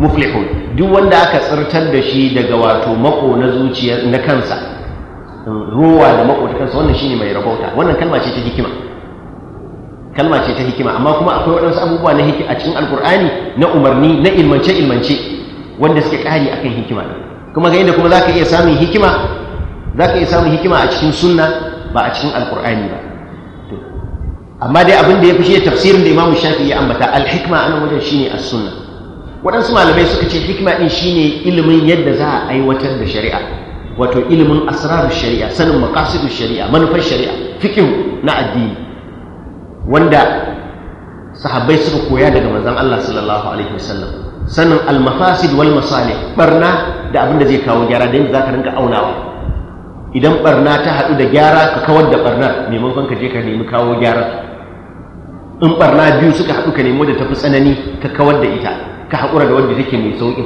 muflihun duk wanda aka tsirtar da shi daga wato mako na zuciya na kansa ruwa da mako ta kansa wannan shine mai rabauta wannan kalma ce ta hikima kalma ce ta hikima amma kuma akwai waɗansu abubuwa na hikima a cikin alƙur'ani na umarni na ilmance ilmance wanda suke ƙari akan hikima kuma ga inda kuma za ka iya samun hikima za ka iya samun hikima a cikin sunna ba a cikin alkur'ani ba amma dai abin da ya fi shi tafsirin da imamu shafi ya ambata alhikma a nan wajen shi ne a sunna waɗansu malamai suka ce hikima ɗin shi ne ilimin yadda za a aiwatar da shari'a wato ilimin asrarar shari'a sanin makasidun shari'a manufar shari'a fikin na addini wanda sahabbai suka koya daga manzon Allah sallallahu alaihi wasallam sanin almafasid wal masalih barna da abin da zai kawo gyara da yadda za ka rinka aunawa idan barna ta haɗu da gyara ka kawar da barnar maimakon ka je ka nemi kawo gyara in barna biyu suka haɗu ka nemi wadda tafi tsanani ka kawar da ita ka haƙura da wadda take mai sauƙi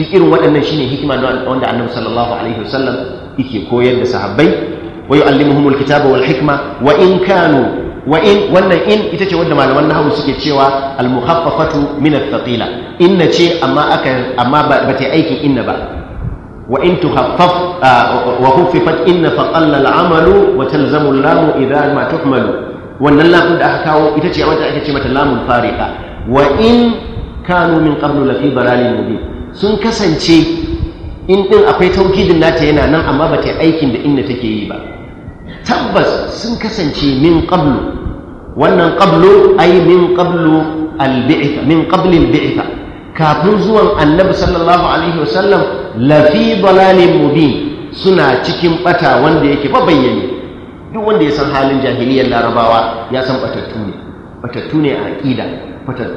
duk irin waɗannan shine hikima wanda annabi sallallahu alaihi wasallam yake koyar da sahabbai wa yu'allimuhumul kitaba wal hikma wa in kanu wa'in wannan in ita ce wadda malaman nahawu suke cewa al-mukhaffafatu min ath-thaqila inna ce amma aka amma ba ta aikin inna ba وإن تخفف وخففت إن فقل العمل وتلزم اللام إذا ما تحمل وأن اللام قد أحكاو إتتي أمتا إتتي متى اللام الفارقة وإن كانوا من قبل لفي ضلال مبين سن كسنتي إن إن أقوي توكيد الناتي هنا نعم أما بتي أيكن بإن تكييبا تبس سن كسنتي من قبل وأن قبل أي من قبل البعثة من قبل البعثة kafin zuwan annabi sallallahu alaihi wasallam lafi dalalin mubin suna cikin bata wanda yake ba bayyane duk wanda ya san halin jahiliyar larabawa ya san batattu ne batattu ne a aqida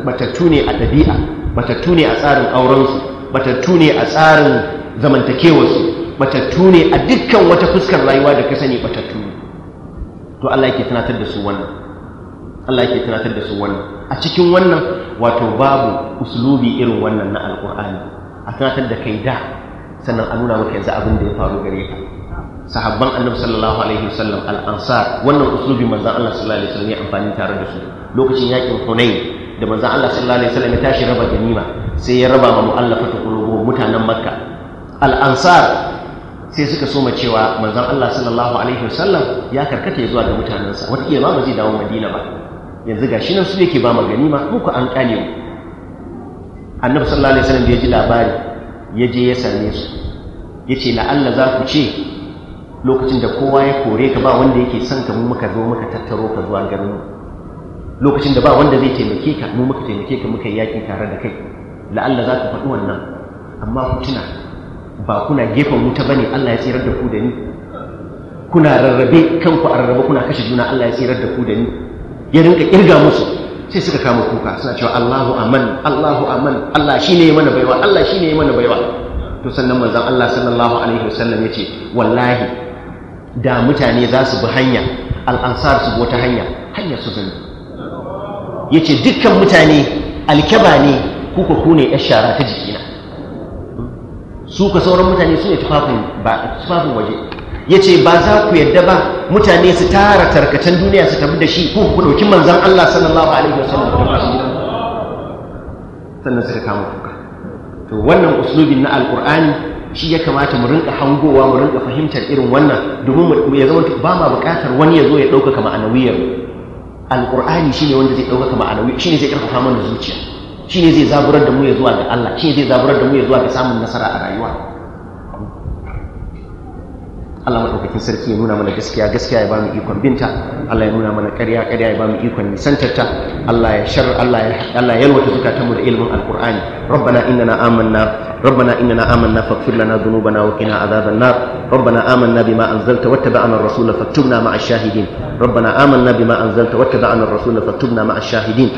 batattu ne a dabi'a batattu ne a tsarin aurensu batattu ne a tsarin zamantakewarsu batattu ne a dukkan wata fuskar rayuwa da ka sani batattu ne to Allah yake tunatar da su wannan Allah yake tunatar da su wannan a cikin wannan wato babu uslubi irin wannan na alkur'ani a tunatar da kai da sannan a nuna maka yanzu abin da ya faru gare ka sahabban annabi sallallahu alaihi wasallam al-ansar wannan uslubi manzon Allah sallallahu alaihi wasallam ya amfani tare da su lokacin yakin Hunain da manzon Allah sallallahu alaihi wasallam ya tashi raba ganima sai ya raba ma mu'allafatu qulubu mutanen Makka al-ansar sai suka soma cewa manzon Allah sallallahu alaihi wasallam ya karkata zuwa ga mutanensa wata iya ma ba zai dawo Madina ba yanzu ga shi nan su yake ba magani ma muku an kane mu annabi sallallahu alaihi wasallam da ya ji labari ya je ya same su ya ce la'alla za ku ce lokacin da kowa ya kore ka ba wanda yake son ka mu muka zo muka tattaro ka zuwa garin mu lokacin da ba wanda zai taimake ka mu muka taimake ka muka yaki tare da kai la'alla za ku faɗi wannan amma ku tuna ba kuna gefen wuta bane Allah ya tsirar da ku da ni kuna rarrabe kanku a rarrabe kuna kashe juna Allah ya tsirar da ku da ni ya rinka kirga musu sai suka kama kuka suna cewa Allahu aman Allahu aman Allah shine ya mana baiwa Allah shine ya mana baiwa to sannan manzon Allah sallallahu alaihi wasallam yace wallahi da mutane za su bi hanya al-ansar su bi wata hanya hanya su zani yace dukkan mutane alkaba ne kuka ku ne yar shara ta jikina su ka sauran mutane su ne tufafin waje ya ce ba za ku yadda ba mutane su tara tarkacen duniya su tafi da shi ko ku ɗauki manzan Allah sallallahu alaihi wa wasallam sannan suka kama kuka to wannan uslubin na alqur'ani shi ya kamata mu rinka hangowa mu rinka fahimtar irin wannan domin ya zama ba ma buƙatar wani ya zo ya ɗaukaka ma'anawiyar alqur'ani shine wanda zai ɗaukaka Shi shine zai ƙarfafa mana zuciya shine zai zaburar da mu ya zuwa ga Allah shine zai zaburar da mu ya zuwa ga samun nasara a rayuwa Allah madaukakin sarki ya nuna mana gaskiya gaskiya ya bamu ikon binta Allah ya nuna mana ƙarya ƙarya ya bamu ikon nisantarta Allah ya shar Allah ya Allah ya yalwata zukatanmu da ilimin alqur'ani rabbana innana amanna rabbana innana amanna faghfir lana dhunubana wa qina adhaban nar rabbana amanna bima anzalta wattaba'na ar-rasul faktubna ma'ash shahidin rabbana amanna bima anzalta wattaba'na ar-rasul faktubna ma'ash shahidin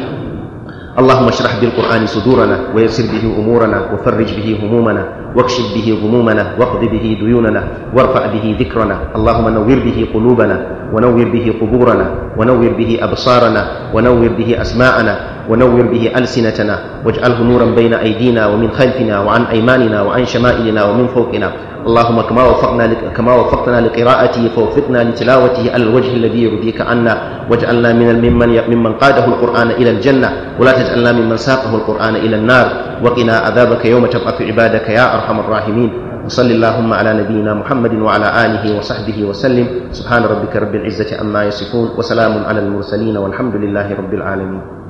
اللهم اشرح بالقرآن صدورنا ويسر به أمورنا وفرج به همومنا واكشف به غمومنا واقض به ديوننا وارفع به ذكرنا اللهم نور به قلوبنا ونور به قبورنا ونور به أبصارنا ونور به أسماءنا ونور به ألسنتنا واجعله نورا بين أيدينا ومن خلفنا وعن أيماننا وعن شمائلنا ومن فوقنا اللهم كما وفقنا لك كما وفقتنا لقراءته فوفقنا لتلاوته على الوجه الذي يرضيك عنا واجعلنا من ممن ممن قاده القرآن إلى الجنة ولا تجعلنا ممن ساقه القرآن إلى النار وقنا عذابك يوم تبعث عبادك يا أرحم الراحمين وصل اللهم على نبينا محمد وعلى آله وصحبه وسلم سبحان ربك رب العزة عما يصفون وسلام على المرسلين والحمد لله رب العالمين